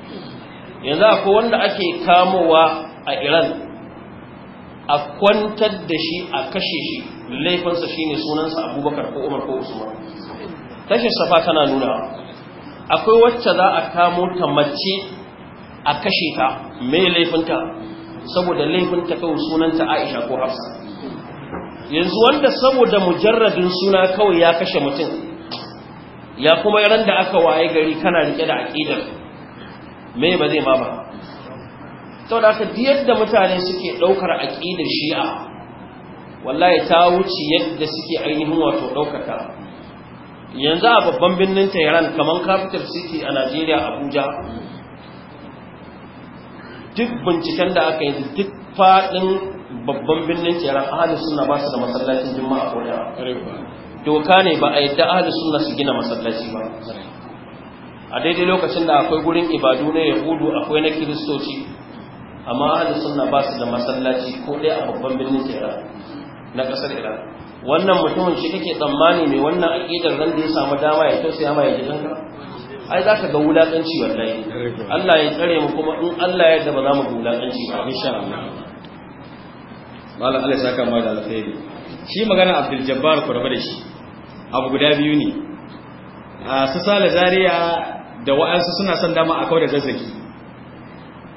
yanzu akwai wanda ake kamowa a iran a kwantar da shi a kashe shi laifinsa shine sunansa abubakar ko umar ko usman tashin safa tana nuna akwai wacce za a kamo ta mace a kashe ta mai laifinta saboda laifinta kawai sunanta aisha ko hafsa yanzu wanda saboda mujarradin suna kawai ya kashe mutum ya kuma yaran da aka waye gari kana rike da aqidar me ba zai ma ba to da aka yadda mutane suke daukar aqidar shi'a wallahi ta wuce yadda suke ainihin wato daukar ta yanzu a babban birnin Tehran kaman capital city a Najeriya Abuja duk binciken da aka yi duk fadin babban birnin ran ahli sunna ba su da masallacin juma'a ko da doka ne ba a yadda ahli sunna su gina masallaci ba a daidai lokacin da akwai gurin ibadu na yahudu akwai na kiristoci amma ahli sunna ba su da masallaci ko ɗaya a babban birnin ran na ƙasar iran wannan mutumin shi kake tsammani mai wannan aƙidar nan da ya samu dama ya tausaya ma ya ji ai za ka ga wulaƙanci wallahi Allah ya tsare mu kuma in Allah ya yarda ba za mu ga wulaƙanci ba insha Allah malam Allah saka mai da alkhairi shi magana Abdul Jabbar ku rabu da shi abu guda biyu ne a su sala Zariya da wa'ansu suna son dama a kawo da zazzaki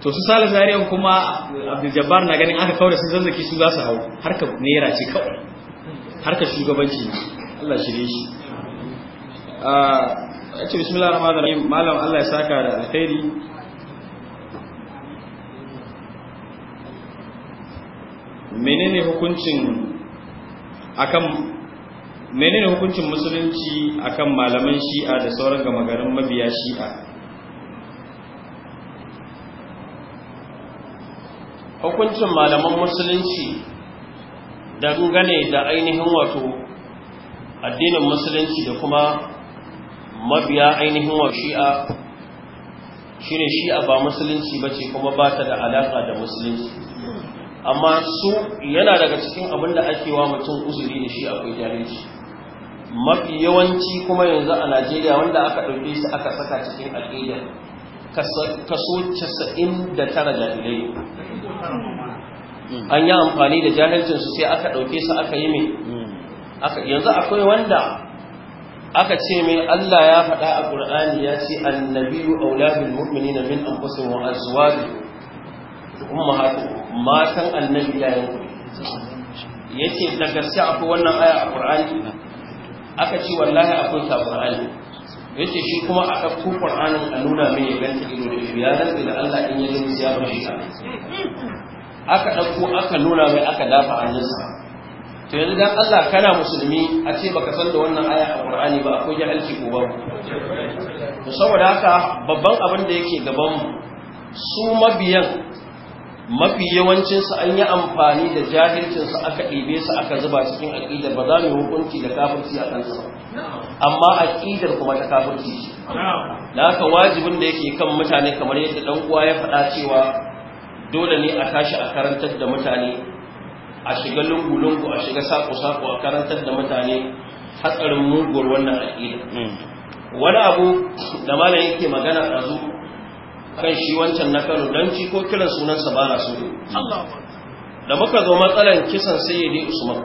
to su sala Zariya kuma Abdul Jabbar na ganin aka kawo da su zazzaki su za su hau harka naira ce kawai harka shugabanci Allah shirye shi a ce bismillahir rahmanir rahim malam Allah ya saka da alkhairi menene hukuncin akan menene hukuncin musulunci akan malaman shi'a da sauran gama garin mabiya shi'a hukuncin malaman musulunci dangane da ainihin wato addinin musulunci da kuma mabiya ainihin wa shi'a shine shi'a ba musulunci bace kuma ba ta da alaka da musulunci amma su yana daga cikin abin da ake wa mutum uzuri da shi akwai jahilci mafi yawanci kuma yanzu a najeriya wanda aka ɗauke su aka saka cikin aƙida kaso 99 jahilai an yi amfani da su sai aka ɗauke su aka yi mai yanzu akwai wanda aka ce mai Allah ya faɗa a ƙur'ani ya ce annabiyu aulabin na min anfusihim wa azwajihim ummahatuhum matan annabi yayin ya ce da gaske akwai wannan aya a ƙur'ani aka ce wallahi akwai ta ƙur'ani ya ce shi kuma a ɗauko ƙur'anin a nuna mai ya ganta ido da ya zarge da Allah in ya zama ya bar shi aka ɗauko aka nuna mai aka dafa hannunsa to yanzu dan Allah kana musulmi a ce baka san da wannan aya a ƙur'ani ba akwai jahilci ko ba ku. saboda haka babban abin da yake gaban mu su mabiyan mafi yawancinsu an yi amfani da jahilcinsu aka ɗebe su aka zuba cikin aƙidar ba za mu yi hukunci da kafirci a kansa ba amma aƙidar kuma ta kafirci ce da haka wajibin da yake kan mutane kamar yadda ɗan uwa ya faɗa cewa dole ne a tashi a karantar da mutane a shiga lungu-lungu a shiga saƙo-saƙo a karantar da mutane hatsarin muguwar wannan aƙidar hmm. wani abu da malam yake magana zuwa kan shi wancan na Kano don ci ko kiran sunansa ba na so da muka zo matsalan kisan sayyidi Usman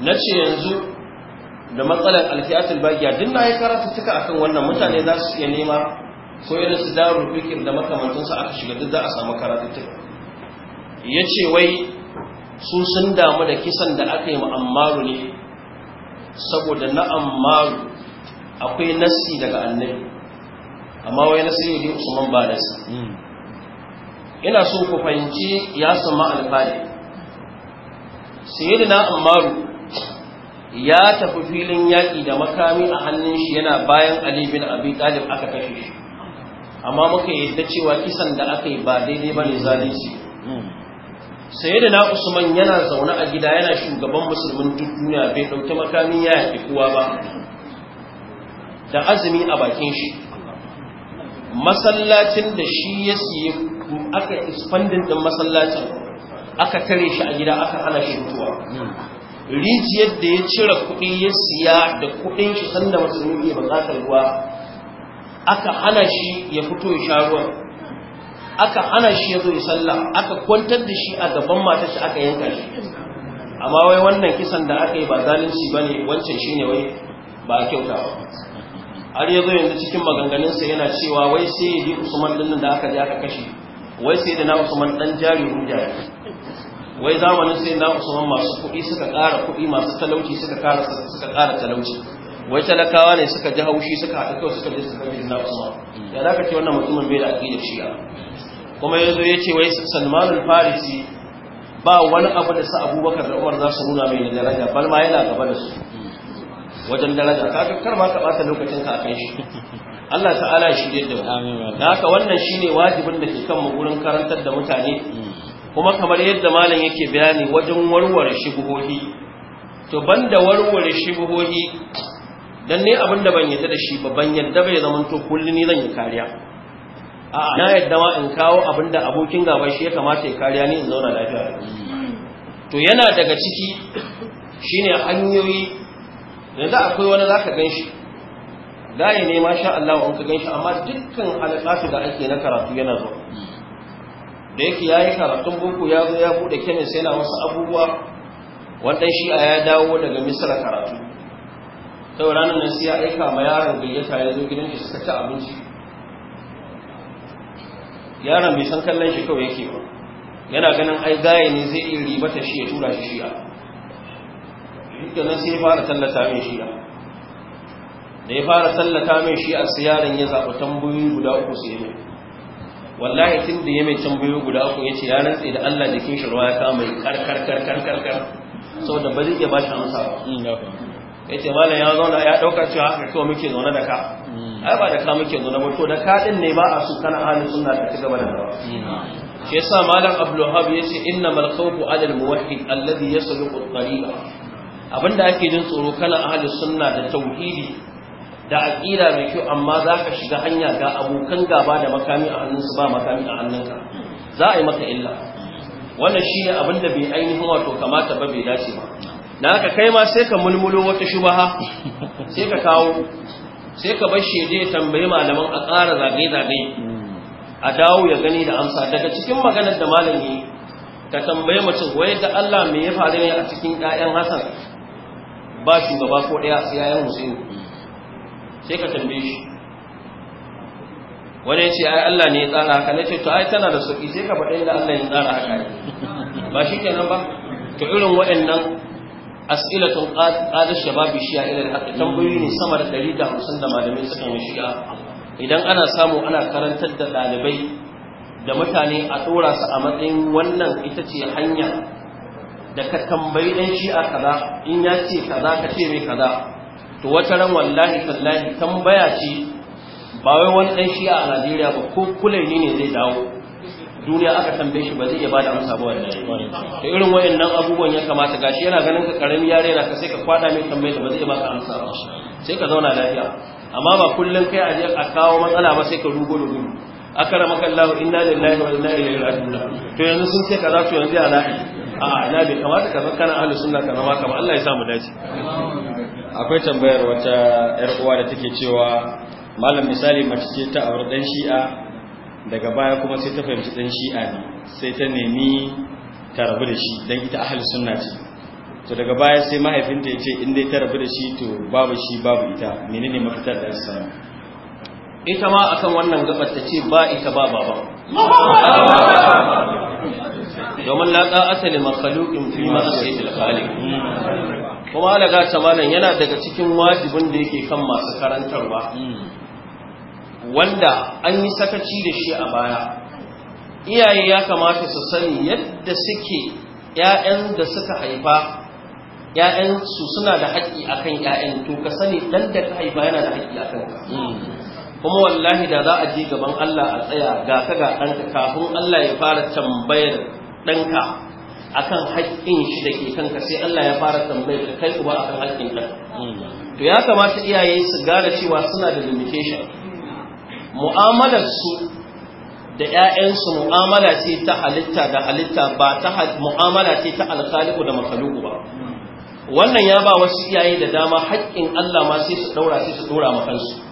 na ce yanzu da matsalan alfiyatul bagiya din na yi karatu tuka akan wannan mutane za su iya nema ko irin su daru fikir da makamantunsa aka shiga duk za a samu karatu tuka ya ce wai su sun damu da kisan da aka yi ma'ammaru ne saboda na ammaru akwai nassi daga annabi amma wai na sai yi usman ba da hmm. ina so ku fahimci ya sama alfali sayyidina ammaru ya tafi filin yaƙi da makami a hannun shi yana bayan ali bin abi talib aka kashe shi amma muka yadda cewa kisan da aka yi ba daidai ba ne zalunci hmm. sayyidina usman yana zaune a gida yana shugaban musulmin duk duniya bai ɗauki makamin ya yaƙi kowa ba da azumi a bakin shi masallacin da shi ya siye aka expandin din masallacin aka tare shi a gida aka hana shi mutuwa rijiyar da ya cire kuɗi ya siya da kuɗin shi sanda musulmi za ta ruwa aka hana shi ya fito ya sha ruwan aka hana shi ya zo ya sallah aka kwantar da shi a gaban mata shi aka yanka shi amma wai wannan kisan da aka yi ba zalunci ne, wancan shi ne wai ba kyauta ba har yazo yanzu cikin maganganunsa yana cewa wai sai ya ji usman din da aka ji aka kashe wai sai da na usman dan jari hujja wai zamanin sai na usman masu kuɗi suka ƙara kuɗi masu talauci suka ƙara suka ƙara talauci wai talakawa ne suka ji haushi suka haɗa kai suka ji suka kashe na usman ya za ka ce wannan mutumin bai da aƙidar shi'a kuma yanzu yace ya ce wai farisi ba wani abu da sa abubakar da umar za su nuna mai da daraja balma ma yana gaba da su wajen daraja kaga kar ma ka bata lokacin ka shi Allah ta'ala shi yadda amin haka wannan shine wajibin da ke kan mu gurin karantar da mutane hmm. kuma kamar yadda malam yake bayani wajen warware shibuhohi to banda warware shibuhohi dan ne abin da ban yadda da shi ba ban yadda bai zaman to kullun ni zan yi kariya a na yadda ma in kawo abin da abokin gaba shi ya kamata ya kariya ni in zauna lafiya hmm. to yana daga ciki shine hanyoyi yanzu akwai wani za ka gan shi layi ne ma sha Allah in ka gan shi amma dukkan alaƙasu da ake na karatu yana zo da yake ya yi karatun buku ya zo ya buɗe kemis yana wasu abubuwa wadda shi a ya dawo daga misira karatu ta ranar nan sai ya aika ma yaron gayyata ya zo gidan shi suka ci abinci yaron bai san kallon shi kawai yake ba yana ganin ai gaya ne zai iya ribata shi ya tura shi shi'a shi nan sai ya fara tallata mai shi da ya fara tallata mai shi a siyarin ya zaɓi tambayoyi guda uku su yi wallahi tun da ya mai tambayoyi guda uku ya ce ya rantse da Allah jikin shi ruwa ya kama yi karkar karkar karkar saboda ba zai iya ba shi amsa hmm, ya ce malam ya zauna ya ɗauka cewa haka kawai muke zaune da ka hmm. ai ba da ka muke zaune ba to da ka ɗin ne ba a su kana halin suna ta ci gaba da rawa hmm. shi yasa malam abdulhab ya ce innamal khawfu alal muwahhid alladhi yasluqu at-tariqa abinda ake jin tsoro kana ahalus sunna da tauhidi da aqida mai kyau amma za ka shiga hanya ga abokan gaba da makami a hannunsu ba makami a hannunka za a yi maka illa wannan shi ne abinda bai ainihin wato kamata ba bai dace ba na haka kai ma sai ka mulmulo wata shubaha sai ka kawo sai ka bar shi ya tambayi malaman a ƙara zagaye-zagaye a dawo ya gani da amsa daga cikin maganar da malami ka tambayi mutum wai da Allah me ya faru ne a cikin ƴaƴan Hassan ba shugaba ko ɗaya sai yayin Hussein sai ka tambaye shi wani ya ce ai Allah ne ya tsara haka na ce to ai tana da sauki sai ka faɗa da Allah ya tsara haka ba shi kenan ba to irin waɗannan as'ilatun qadar shababi shi'a ila al-haqq tambayi ne sama da 150 da malamai suka yi shi'a idan ana samu ana karantar da dalibai da mutane a tsora su a matsayin wannan ita ce hanya da ka tambayi dan shi a kaza in ya ce kaza ka ce mai kaza to wata ran wallahi tallahi tambaya ce ba wai wani dan shi a Najeriya ba ko kulaini ne zai dawo duniya aka tambaye shi ba zai iya bada amsa ba wallahi to irin wayannan abubuwan ya kamata gashi yana ganin ka karami yare na ka sai ka kwada mai tambaye da ba zai iya baka amsa ba sai ka zauna lafiya amma ba kullun kai a je a kawo matsala ba sai ka rugo da akara maka Allah inna lillahi wa inna ilaihi raji'un to yanzu sun ce kaza to yanzu ya na'i a ina bai kamata ka kana sunna ka zama kamar Allah ya samu dace akwai tambayar wata yar uwa da take cewa malam misali mace ce ta aure dan shi'a daga baya kuma sai ta fahimci dan shi'a ne sai ta nemi ta rabu da shi dan ita ahli sunna ce to daga baya sai mahaifinta ya ce in dai ta rabu da shi to babu shi babu ita menene mafitar da samu ita ma akan wannan gabar ta ce ba ita ba baba domin laƙa ta'ata makhalukin makhluqin fi ma'siyati tilkali kuma da ta yana daga cikin wajibin da yake kan masu karantarwa wanda an yi sakaci da shi a baya iyaye ya kamata su sani yadda suke ‘ya’yan da suka haifa ‘ya’yan su suna da haƙƙi akan 'ya'yan, to ka sani dan da ka haifa yana da haƙƙi akan ka kuma wallahi da za a je gaban Allah a tsaya ga ka ga ɗanka kafin Allah ya fara tambayar ɗanka akan haƙƙin shi da ke kanka sai Allah ya fara tambayar ka kai uba kan haƙƙin ɗan to ya kamata iyaye su gane cewa suna da limitation mu'amalar su da ‘ya'yansu mu'amala ce ta halitta da halitta ba ta mu'amala ce ta alkhaliku da makaluku ba wannan ya ba wasu iyaye da dama haƙƙin Allah ma sai su ɗaura sai su ɗora makansu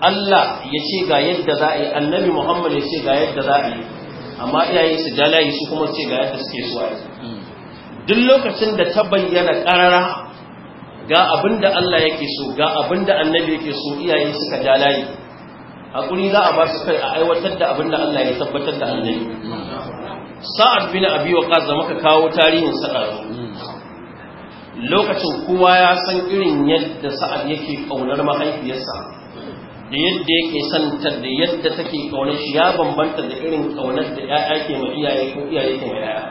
Allah ya ce ga yadda za a yi annabi Muhammad ya ce ga yadda za a yi amma iyaye su ja layi su kuma ce ga yadda suke so yanzu. duk lokacin da ta bayyana karara ga abin da Allah yake so ga abin da annabi yake so iyaye suka ja layi hakuri za a ba su kai a aiwatar da abin da Allah ya tabbatar da annabi sa'ad bin abi waqas da muka kawo tarihin sa'ad lokacin kowa ya san irin yadda sa'ad yake kaunar mahaifiyarsa da yadda yake santa da yadda take kauna shi ya bambanta da irin kaunar da ya'ya ke ma iyaye ko iyaye ke ma ya'ya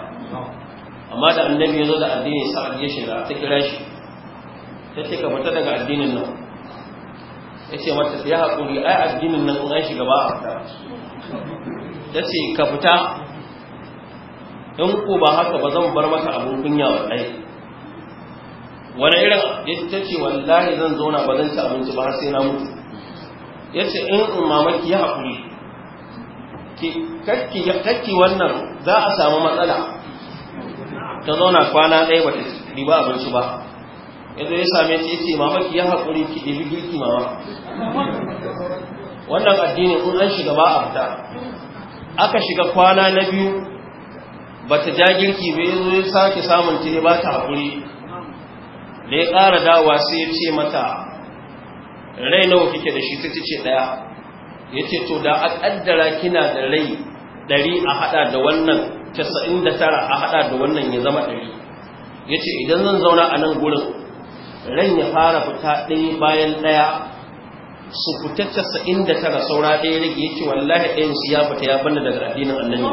amma da annabi ya zo da addini sa'ad ya shiga ta kira shi ta ce ka fita daga addinin nan ya ce mata ya haƙuri ai addinin nan in an shiga ba a fita ta ce ka fita in ko ba haka ba zan bar maka abin kunya wallahi wani irin ya ce wallahi zan zauna ba zan ci abinci ba har sai na mutu ya ce in mamaki ya haƙuri kakki wannan za a samu matsala ta zauna kwana ɗaya ba ta riba abinci ba yanzu ya same ta yace mamaki ya haƙuri ki ɗabi girki mama wannan addini kun an shiga ba a fita aka shiga kwana na biyu ba ta ja girki ba yanzu ya sake samun ta ba ta haƙuri da ya ƙara dawa sai ya ce mata rai nawa kike da shi sai ce daya yace to da a kaddara kina da rai 100 a hada da wannan 99 a hada da wannan ya zama 100 yace idan zan zauna a nan gurin rai ya fara fita ɗaya bayan ɗaya su fita casa'in saura ɗaya rage yace wallahi ɗayan su ya fita ya banna daga addinin annabi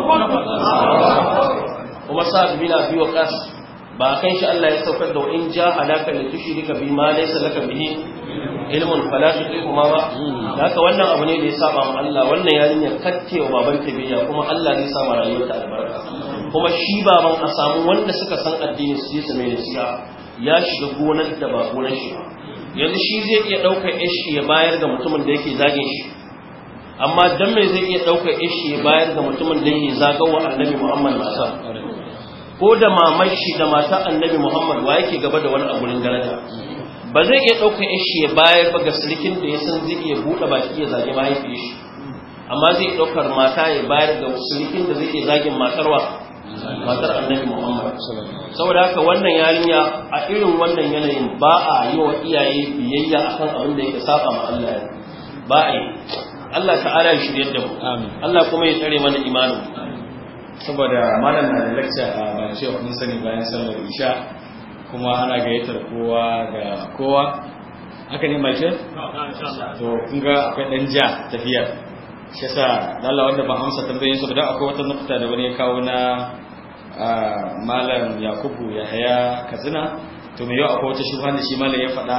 kuma sa bi na biyo kas ba kai shi Allah ya saukar da in ja halaka da tushi duka bi ma laysa laka bihi ilmun fala kuma ba hmm. haka wannan abu ne da ya saba wa Allah wannan ya kattewa baban ta biya kuma Allah zai sa ma rayuwarta albarka kuma shi baban a samu wanda suka san addini su yi su mai nasiha ya shiga gonar da ba gonar shi yanzu shi zai iya ɗaukar ishi ya bayar ga mutumin da yake zagin shi amma dan me zai iya ɗaukar ishi ya bayar ga mutumin da yake wa annabi Muhammad masa ko da mamar shi da mata annabi Muhammad wa yake gaba da wani a gurin daraja ba zai iya ɗaukar ishi ya bayar ba ga sirikin da ya san zai iya buɗe baki ya zage mahaifiyar shi amma zai iya ɗaukar mata ya bayar ga sirikin da zai iya zagin matarwa matar annabi muhammad saboda haka wannan yarinya a irin wannan yanayin ba a yi wa iyaye biyayya akan abin da ya saba ma Allah ba a yi Allah ta'ala ya shirye da mu Allah kuma ya tsare mana imanin saboda malam na da lecture ah, a ce a sani bayan sallar isha kuma ana gayyatar kowa ga kowa haka ne mai to kun ga akwai dan ja tafiya shi yasa lalla wanda ba amsa tambayoyin su da akwai wata nukta da wani ya kawo na malam yakubu ya haya katsina to me yau akwai wata shi da shi malam ya faɗa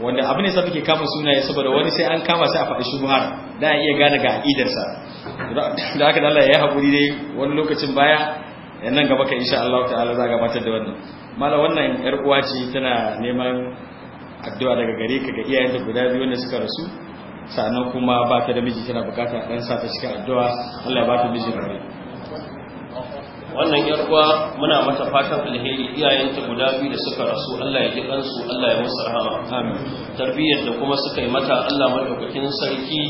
wanda abin da muke kama sunaye saboda wani sai an kama sai a faɗi har da a iya gane ga idarsa da haka dala ya yi haƙuri dai wani lokacin baya nan gaba ka insha Allah ta'ala za a gabatar da wannan mala wannan yar uwa ce tana neman addu'a daga gare ka ga iyayenta guda biyu wanda suka rasu sannan kuma ba ta da miji tana bukata dan sa ta cikin addu'a Allah ya ba ta mijin aure wannan yarwa muna mata fatan alheri iyayenta guda biyu da suka rasu Allah ya ji kansu Allah ya musu rahama amin tarbiyyar da kuma suka yi mata Allah madaukakin sarki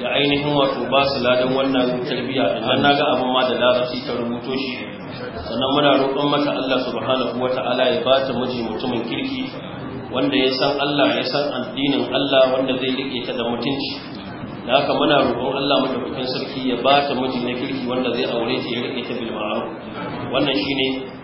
da ainihin wato ba su ladan wannan tarbiyya dan naga abin ma da larabci ta rubuto shi sannan muna roƙon mata Allah subhanahu wataala ya bata miji mutumin kirki wanda ya san Allah ya san addinin Allah wanda zai rike ta da mutunci da haka muna roƙon Allah madaukakin sarki ya ba ta miji na kirki wanda zai aure ta ya rike ta bil ma'ruf wannan shine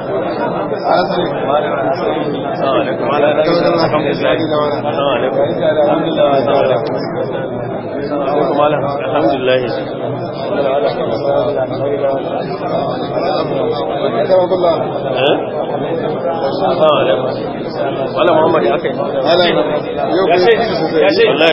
Malam Muhammad ya kai. Ya ce,